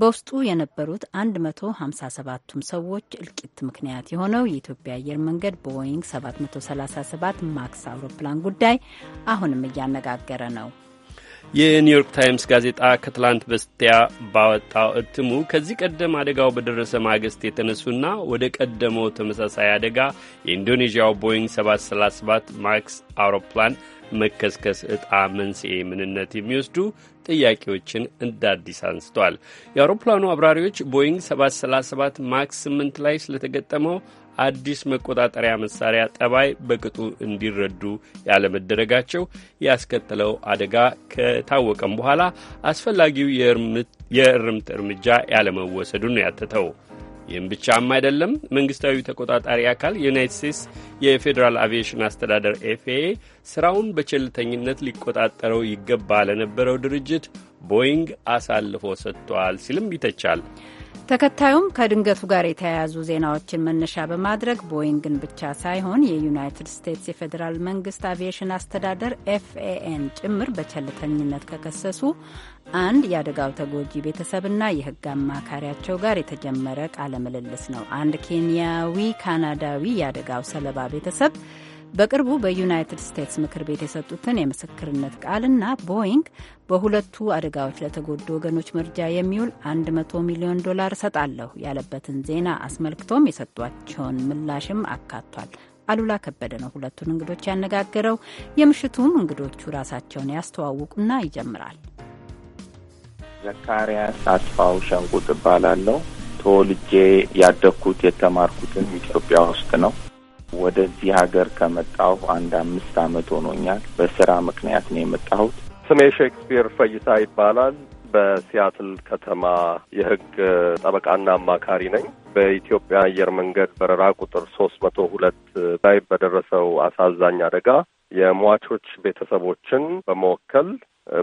በውስጡ የነበሩት 157ቱም ሰዎች እልቂት ምክንያት የሆነው የኢትዮጵያ አየር መንገድ ቦይንግ 737 ማክስ አውሮፕላን ጉዳይ አሁንም እያነጋገረ ነው። የኒውዮርክ ታይምስ ጋዜጣ ከትላንት በስቲያ ባወጣው እትሙ ከዚህ ቀደም አደጋው በደረሰ ማግስት የተነሱና ወደ ቀደመው ተመሳሳይ አደጋ የኢንዶኔዥያው ቦይንግ 737 ማክስ አውሮፕላን መከስከስ ዕጣ መንስኤ ምንነት የሚወስዱ ጥያቄዎችን እንደ አዲስ አንስቷል። የአውሮፕላኑ አብራሪዎች ቦይንግ 737 ማክስ 8 ላይ ስለተገጠመው አዲስ መቆጣጠሪያ መሳሪያ ጠባይ በቅጡ እንዲረዱ ያለመደረጋቸው ያስከተለው አደጋ ከታወቀም በኋላ አስፈላጊው የእርምት እርምጃ ያለመወሰዱን ያተተው። ይህም ብቻም አይደለም። መንግስታዊ ተቆጣጣሪ አካል የዩናይት ስቴትስ የፌዴራል አቪዬሽን አስተዳደር ኤፍኤ ስራውን በቸልተኝነት ሊቆጣጠረው ይገባ ለነበረው ድርጅት ቦይንግ አሳልፎ ሰጥቷል ሲልም ይተቻል። ተከታዩም ከድንገቱ ጋር የተያያዙ ዜናዎችን መነሻ በማድረግ ቦይንግን ብቻ ሳይሆን የዩናይትድ ስቴትስ የፌዴራል መንግስት አቪዬሽን አስተዳደር ኤፍኤኤን ጭምር በቸልተኝነት ከከሰሱ አንድ የአደጋው ተጎጂ ቤተሰብና የሕግ አማካሪያቸው ጋር የተጀመረ ቃለ ምልልስ ነው። አንድ ኬንያዊ ካናዳዊ የአደጋው ሰለባ ቤተሰብ በቅርቡ በዩናይትድ ስቴትስ ምክር ቤት የሰጡትን የምስክርነት ቃልና ቦይንግ በሁለቱ አደጋዎች ለተጎዱ ወገኖች መርጃ የሚውል 100 ሚሊዮን ዶላር እሰጣለሁ ያለበትን ዜና አስመልክቶም የሰጧቸውን ምላሽም አካቷል። አሉላ ከበደ ነው ሁለቱን እንግዶች ያነጋገረው። የምሽቱም እንግዶቹ ራሳቸውን ያስተዋውቁና ይጀምራል። ዘካሪያስ አስፋው ሸንቁጥ እባላለሁ። ተወልጄ ያደግኩት የተማርኩትን ኢትዮጵያ ውስጥ ነው። ወደዚህ ሀገር ከመጣሁ አንድ አምስት አመት ሆኖኛል። በስራ ምክንያት ነው የመጣሁት። ስሜ ሼክስፒር ፈይታ ይባላል። በሲያትል ከተማ የህግ ጠበቃና አማካሪ ነኝ። በኢትዮጵያ አየር መንገድ በረራ ቁጥር ሶስት መቶ ሁለት ላይ በደረሰው አሳዛኝ አደጋ የሟቾች ቤተሰቦችን በመወከል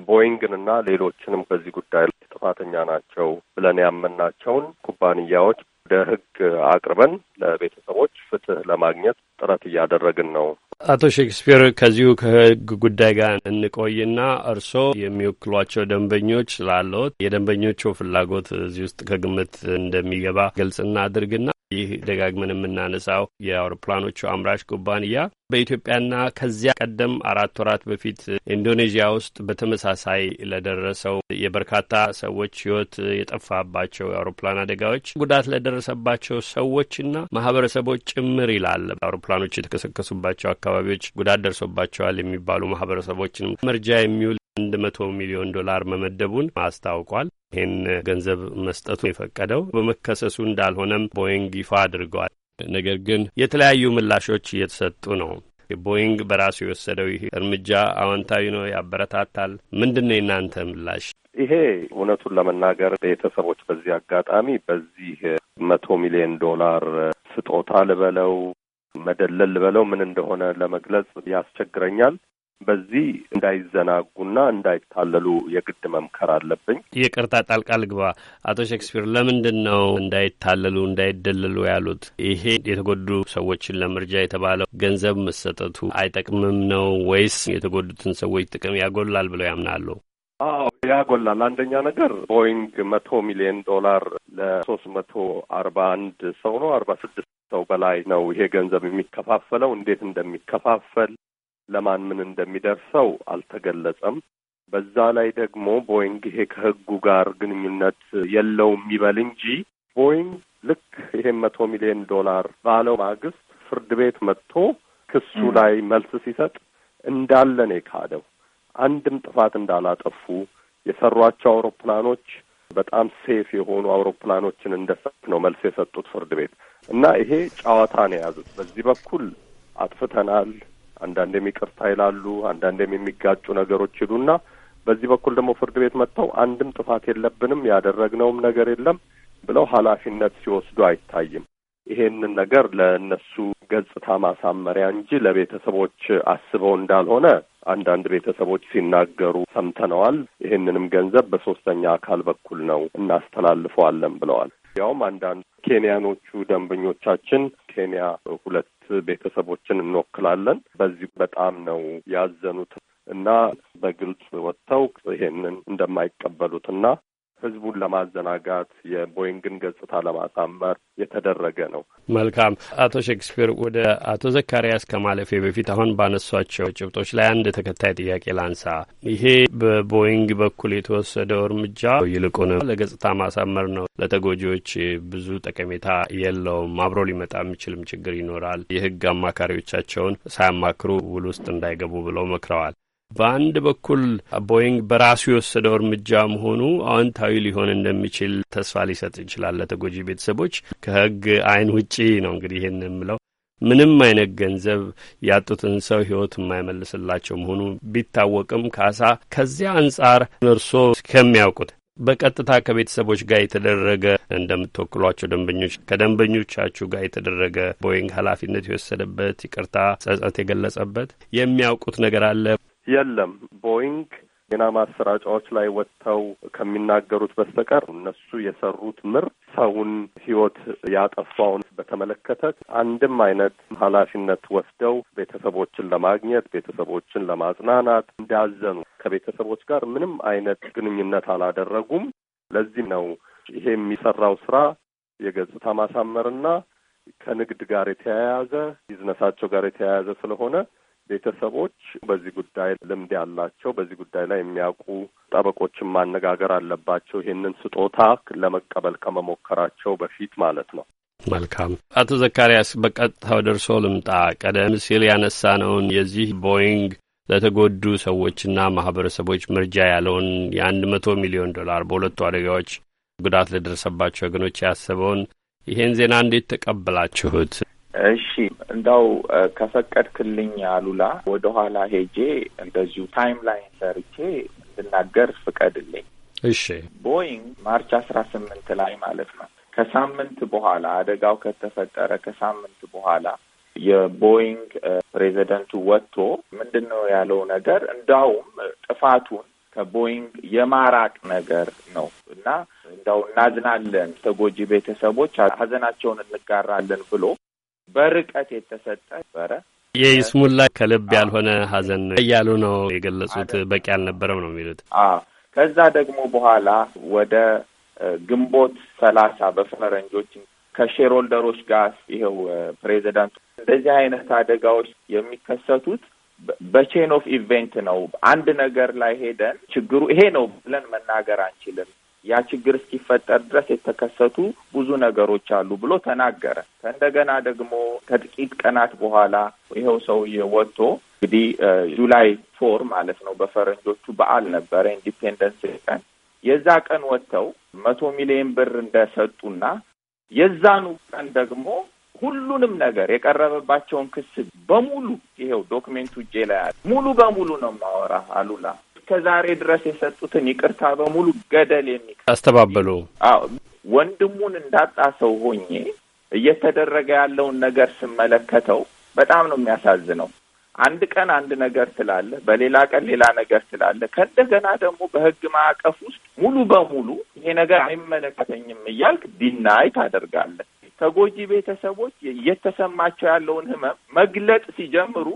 ቦይንግንና ሌሎችንም በዚህ ጉዳይ ጥፋተኛ ናቸው ብለን ያመናቸውን ኩባንያዎች ወደ ህግ አቅርበን ለቤተሰቦች ፍትህ ለማግኘት ጥረት እያደረግን ነው። አቶ ሼክስፒር ከዚሁ ከህግ ጉዳይ ጋር እንቆይና እርስዎ የሚወክሏቸው ደንበኞች ስላለዎት የደንበኞቹ ፍላጎት እዚህ ውስጥ ከግምት እንደሚገባ ግልጽና አድርግና ይህ ደጋግመን የምናነሳው የአውሮፕላኖቹ አምራች ኩባንያ በኢትዮጵያና ከዚያ ቀደም አራት ወራት በፊት ኢንዶኔዥያ ውስጥ በተመሳሳይ ለደረሰው የበርካታ ሰዎች ህይወት የጠፋባቸው የአውሮፕላን አደጋዎች ጉዳት ለደረሰባቸው ሰዎችና ማህበረሰቦች ጭምር ይላል አውሮፕላኖች የተከሰከሱባቸው አካባቢ አካባቢዎች ጉዳት ደርሶባቸዋል የሚባሉ ማህበረሰቦችንም መርጃ የሚውል አንድ መቶ ሚሊዮን ዶላር መመደቡን አስታውቋል። ይህን ገንዘብ መስጠቱ የፈቀደው በመከሰሱ እንዳልሆነም ቦይንግ ይፋ አድርገዋል። ነገር ግን የተለያዩ ምላሾች እየተሰጡ ነው። ቦይንግ በራሱ የወሰደው ይህ እርምጃ አዎንታዊ ነው፣ ያበረታታል። ምንድን ነው የእናንተ ምላሽ? ይሄ እውነቱን ለመናገር ቤተሰቦች በዚህ አጋጣሚ በዚህ መቶ ሚሊዮን ዶላር ስጦታ ልበለው መደለል ልበለው ምን እንደሆነ ለመግለጽ ያስቸግረኛል። በዚህ እንዳይዘናጉና እንዳይታለሉ የግድ መምከር አለብኝ። ይቅርታ ጣልቃ ልግባ። አቶ ሼክስፒር ለምንድን ነው እንዳይታለሉ እንዳይደለሉ ያሉት? ይሄ የተጎዱ ሰዎችን ለምርጃ የተባለው ገንዘብ መሰጠቱ አይጠቅምም ነው ወይስ የተጎዱትን ሰዎች ጥቅም ያጎላል ብለው ያምናሉ? አዎ ያጎላል። አንደኛ ነገር ቦይንግ መቶ ሚሊዮን ዶላር ለሶስት መቶ አርባ አንድ ሰው ነው አርባ ስድስት ሰው በላይ ነው ይሄ ገንዘብ የሚከፋፈለው። እንዴት እንደሚከፋፈል ለማን ምን እንደሚደርሰው አልተገለጸም። በዛ ላይ ደግሞ ቦይንግ ይሄ ከህጉ ጋር ግንኙነት የለውም የሚበል እንጂ ቦይንግ ልክ ይሄን መቶ ሚሊዮን ዶላር ባለው ማግስት ፍርድ ቤት መጥቶ ክሱ ላይ መልስ ሲሰጥ እንዳለ ነው የካደው። አንድም ጥፋት እንዳላጠፉ የሰሯቸው አውሮፕላኖች በጣም ሴፍ የሆኑ አውሮፕላኖችን ሰፍ ነው መልስ የሰጡት ፍርድ ቤት እና ይሄ ጨዋታ ነው የያዙት። በዚህ በኩል አጥፍተናል፣ አንዳንዴም ይቅርታ ይላሉ፣ አንዳንዴም የሚጋጩ ነገሮች ይሉና በዚህ በኩል ደግሞ ፍርድ ቤት መጥተው አንድም ጥፋት የለብንም ያደረግነውም ነገር የለም ብለው ኃላፊነት ሲወስዱ አይታይም። ይሄንን ነገር ለእነሱ ገጽታ ማሳመሪያ እንጂ ለቤተሰቦች አስበው እንዳልሆነ አንዳንድ ቤተሰቦች ሲናገሩ ሰምተነዋል። ይህንንም ገንዘብ በሶስተኛ አካል በኩል ነው እናስተላልፈዋለን ብለዋል። ያውም አንዳንድ ኬንያኖቹ ደንበኞቻችን ኬንያ ሁለት ቤተሰቦችን እንወክላለን። በዚህ በጣም ነው ያዘኑት እና በግልጽ ወጥተው ይሄንን እንደማይቀበሉትና ህዝቡን ለማዘናጋት የቦይንግን ገጽታ ለማሳመር የተደረገ ነው። መልካም አቶ ሼክስፒር፣ ወደ አቶ ዘካሪያስ ከማለፌ በፊት አሁን ባነሷቸው ጭብጦች ላይ አንድ ተከታይ ጥያቄ ላንሳ። ይሄ በቦይንግ በኩል የተወሰደው እርምጃ ይልቁን ለገጽታ ማሳመር ነው፣ ለተጎጂዎች ብዙ ጠቀሜታ የለውም፣ አብሮ ሊመጣ የሚችልም ችግር ይኖራል፣ የህግ አማካሪዎቻቸውን ሳያማክሩ ውል ውስጥ እንዳይገቡ ብለው መክረዋል። በአንድ በኩል ቦይንግ በራሱ የወሰደው እርምጃ መሆኑ አዎንታዊ ሊሆን እንደሚችል ተስፋ ሊሰጥ ይችላል ለተጎጂ ቤተሰቦች። ከህግ አይን ውጪ ነው እንግዲህ ይህን የምለው ምንም አይነት ገንዘብ ያጡትን ሰው ህይወት የማይመልስላቸው መሆኑ ቢታወቅም ካሳ ከዚያ አንጻር እርሶ ከሚያውቁት በቀጥታ ከቤተሰቦች ጋር የተደረገ እንደምትወክሏቸው ደንበኞች ከደንበኞቻችሁ ጋር የተደረገ ቦይንግ ኃላፊነት የወሰደበት ይቅርታ ጸጸት የገለጸበት የሚያውቁት ነገር አለ? የለም ቦይንግ ዜና ማሰራጫዎች ላይ ወጥተው ከሚናገሩት በስተቀር እነሱ የሰሩት ምር ሰውን ሕይወት ያጠፋውን በተመለከተ አንድም አይነት ኃላፊነት ወስደው ቤተሰቦችን ለማግኘት ቤተሰቦችን ለማጽናናት እንዳዘኑ ከቤተሰቦች ጋር ምንም አይነት ግንኙነት አላደረጉም። ለዚህም ነው ይሄ የሚሰራው ስራ የገጽታ ማሳመርና ከንግድ ጋር የተያያዘ ቢዝነሳቸው ጋር የተያያዘ ስለሆነ ቤተሰቦች በዚህ ጉዳይ ልምድ ያላቸው በዚህ ጉዳይ ላይ የሚያውቁ ጠበቆችን ማነጋገር አለባቸው። ይህንን ስጦታ ለመቀበል ከመሞከራቸው በፊት ማለት ነው። መልካም አቶ ዘካርያስ በቀጥታው ደርሶ ልምጣ። ቀደም ሲል ያነሳነውን የዚህ ቦይንግ ለተጎዱ ሰዎችና ማህበረሰቦች ምርጃ ያለውን የአንድ መቶ ሚሊዮን ዶላር በሁለቱ አደጋዎች ጉዳት ለደረሰባቸው ወገኖች ያሰበውን ይሄን ዜና እንዴት ተቀበላችሁት? እሺ እንዳው ከፈቀድክልኝ አሉላ ወደ ኋላ ሄጄ እንደዚሁ ታይም ላይን ሰርቼ እንድናገር ፍቀድልኝ። እሺ ቦይንግ ማርች አስራ ስምንት ላይ ማለት ነው ከሳምንት በኋላ አደጋው ከተፈጠረ ከሳምንት በኋላ የቦይንግ ፕሬዚደንቱ ወጥቶ ምንድን ነው ያለው ነገር እንዳውም ጥፋቱን ከቦይንግ የማራቅ ነገር ነው እና እንዳው እናዝናለን፣ ተጎጂ ቤተሰቦች ሀዘናቸውን እንጋራለን ብሎ በርቀት የተሰጠ ነበረ። የይስሙላ ከልብ ያልሆነ ሀዘን እያሉ ነው የገለጹት። በቂ አልነበረም ነው የሚሉት። አዎ ከዛ ደግሞ በኋላ ወደ ግንቦት ሰላሳ በፈረንጆች ከሼሮልደሮች ጋር ይኸው ፕሬዚዳንቱ እንደዚህ አይነት አደጋዎች የሚከሰቱት በቼን ኦፍ ኢቬንት ነው። አንድ ነገር ላይ ሄደን ችግሩ ይሄ ነው ብለን መናገር አንችልም። ያ ችግር እስኪፈጠር ድረስ የተከሰቱ ብዙ ነገሮች አሉ ብሎ ተናገረ። ከእንደገና ደግሞ ከጥቂት ቀናት በኋላ ይኸው ሰውዬ ወጥቶ እንግዲህ ጁላይ ፎር ማለት ነው በፈረንጆቹ በዓል ነበረ ኢንዲፔንደንስ ቀን። የዛ ቀን ወጥተው መቶ ሚሊዮን ብር እንደሰጡና የዛኑ ቀን ደግሞ ሁሉንም ነገር የቀረበባቸውን ክስ በሙሉ ይሄው ዶክሜንቱ እጄ ላይ አለ። ሙሉ በሙሉ ነው ማወራ አሉላ እስከ ዛሬ ድረስ የሰጡትን ይቅርታ በሙሉ ገደል የሚክ አስተባበሉ። አዎ ወንድሙን እንዳጣ ሰው ሆኜ እየተደረገ ያለውን ነገር ስመለከተው በጣም ነው የሚያሳዝነው። አንድ ቀን አንድ ነገር ትላለ በሌላ ቀን ሌላ ነገር ትላለ ከእንደገና ደግሞ በህግ ማዕቀፍ ውስጥ ሙሉ በሙሉ ይሄ ነገር አይመለከተኝም እያልክ ዲናይ ታደርጋለህ። ተጎጂ ቤተሰቦች እየተሰማቸው ያለውን ህመም መግለጽ ሲጀምሩ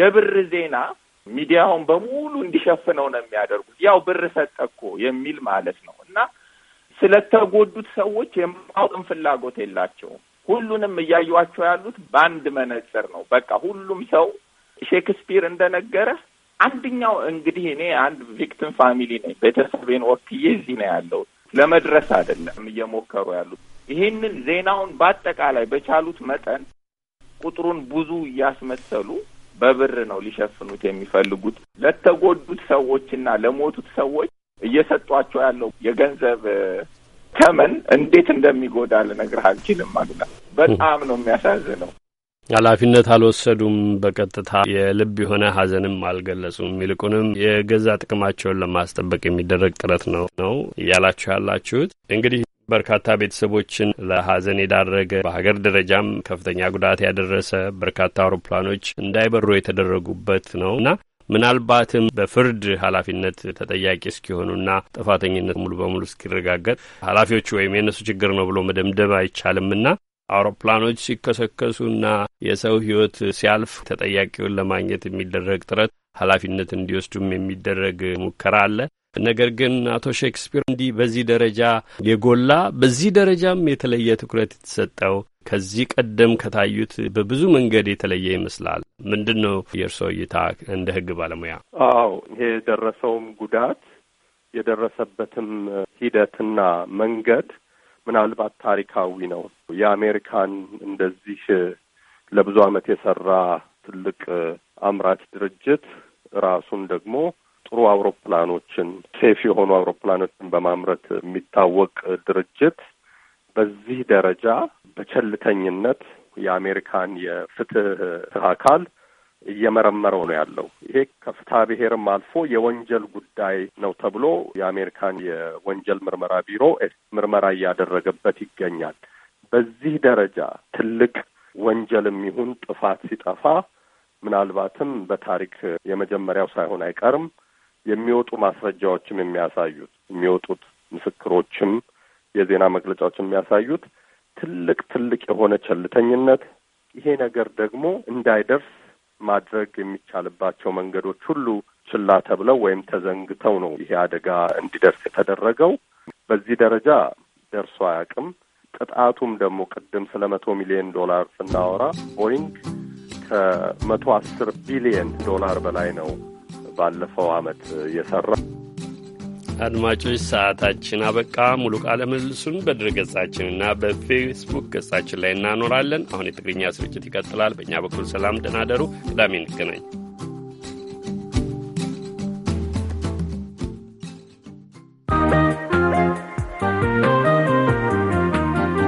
የብር ዜና ሚዲያውን በሙሉ እንዲሸፍነው ነው የሚያደርጉት። ያው ብር ሰጠ እኮ የሚል ማለት ነው። እና ስለተጎዱት ሰዎች የማወቅም ፍላጎት የላቸውም። ሁሉንም እያዩቸው ያሉት በአንድ መነጽር ነው። በቃ ሁሉም ሰው ሼክስፒር እንደነገረ አንድኛው እንግዲህ እኔ አንድ ቪክቲም ፋሚሊ ነኝ። ቤተሰቤን ወክዬ እዚህ ነው ያለው። ለመድረስ አይደለም እየሞከሩ ያሉት። ይህንን ዜናውን በአጠቃላይ በቻሉት መጠን ቁጥሩን ብዙ እያስመሰሉ በብር ነው ሊሸፍኑት የሚፈልጉት። ለተጎዱት ሰዎችና ለሞቱት ሰዎች እየሰጧቸው ያለው የገንዘብ ተመን እንዴት እንደሚጎዳ ልነግርህ አልችልም። አሉላ በጣም ነው የሚያሳዝነው። ኃላፊነት አልወሰዱም። በቀጥታ የልብ የሆነ ሀዘንም አልገለጹም። ይልቁንም የገዛ ጥቅማቸውን ለማስጠበቅ የሚደረግ ጥረት ነው ነው እያላችሁ ያላችሁት እንግዲህ በርካታ ቤተሰቦችን ለሀዘን የዳረገ በሀገር ደረጃም ከፍተኛ ጉዳት ያደረሰ በርካታ አውሮፕላኖች እንዳይበሩ የተደረጉበት ነው እና ምናልባትም በፍርድ ኃላፊነት ተጠያቂ እስኪሆኑና ጥፋተኝነት ሙሉ በሙሉ እስኪረጋገጥ ኃላፊዎቹ ወይም የእነሱ ችግር ነው ብሎ መደምደም አይቻልምና አውሮፕላኖች ሲከሰከሱና የሰው ሕይወት ሲያልፍ ተጠያቂውን ለማግኘት የሚደረግ ጥረት ኃላፊነት እንዲወስዱም የሚደረግ ሙከራ አለ። ነገር ግን አቶ ሼክስፒር እንዲህ በዚህ ደረጃ የጎላ በዚህ ደረጃም የተለየ ትኩረት የተሰጠው ከዚህ ቀደም ከታዩት በብዙ መንገድ የተለየ ይመስላል። ምንድን ነው የእርስዎ እይታ እንደ ህግ ባለሙያ? አዎ ይሄ የደረሰውም ጉዳት የደረሰበትም ሂደትና መንገድ ምናልባት ታሪካዊ ነው። የአሜሪካን እንደዚህ ለብዙ ዓመት የሰራ ትልቅ አምራች ድርጅት ራሱን ደግሞ ጥሩ አውሮፕላኖችን ሴፍ የሆኑ አውሮፕላኖችን በማምረት የሚታወቅ ድርጅት በዚህ ደረጃ በቸልተኝነት የአሜሪካን የፍትህ አካል እየመረመረው ነው ያለው። ይሄ ከፍትሐ ብሔርም አልፎ የወንጀል ጉዳይ ነው ተብሎ የአሜሪካን የወንጀል ምርመራ ቢሮ ምርመራ እያደረገበት ይገኛል። በዚህ ደረጃ ትልቅ ወንጀልም ይሁን ጥፋት ሲጠፋ ምናልባትም በታሪክ የመጀመሪያው ሳይሆን አይቀርም የሚወጡ ማስረጃዎችም የሚያሳዩት የሚወጡት ምስክሮችም የዜና መግለጫዎች የሚያሳዩት ትልቅ ትልቅ የሆነ ቸልተኝነት፣ ይሄ ነገር ደግሞ እንዳይደርስ ማድረግ የሚቻልባቸው መንገዶች ሁሉ ችላ ተብለው ወይም ተዘንግተው ነው ይሄ አደጋ እንዲደርስ የተደረገው። በዚህ ደረጃ ደርሶ አያውቅም። ቅጣቱም ደግሞ ቅድም ስለ መቶ ሚሊዮን ዶላር ስናወራ ቦይንግ ከመቶ አስር ቢሊየን ዶላር በላይ ነው ባለፈው አመት የሰራ አድማጮች ሰዓታችን አበቃ። ሙሉ ቃለ ምልልሱን በድረገጻችንና በፌስቡክ ገጻችን ላይ እናኖራለን። አሁን የትግርኛ ስርጭት ይቀጥላል። በእኛ በኩል ሰላም፣ ደህና ደሩ። ቅዳሜ እንገናኝ።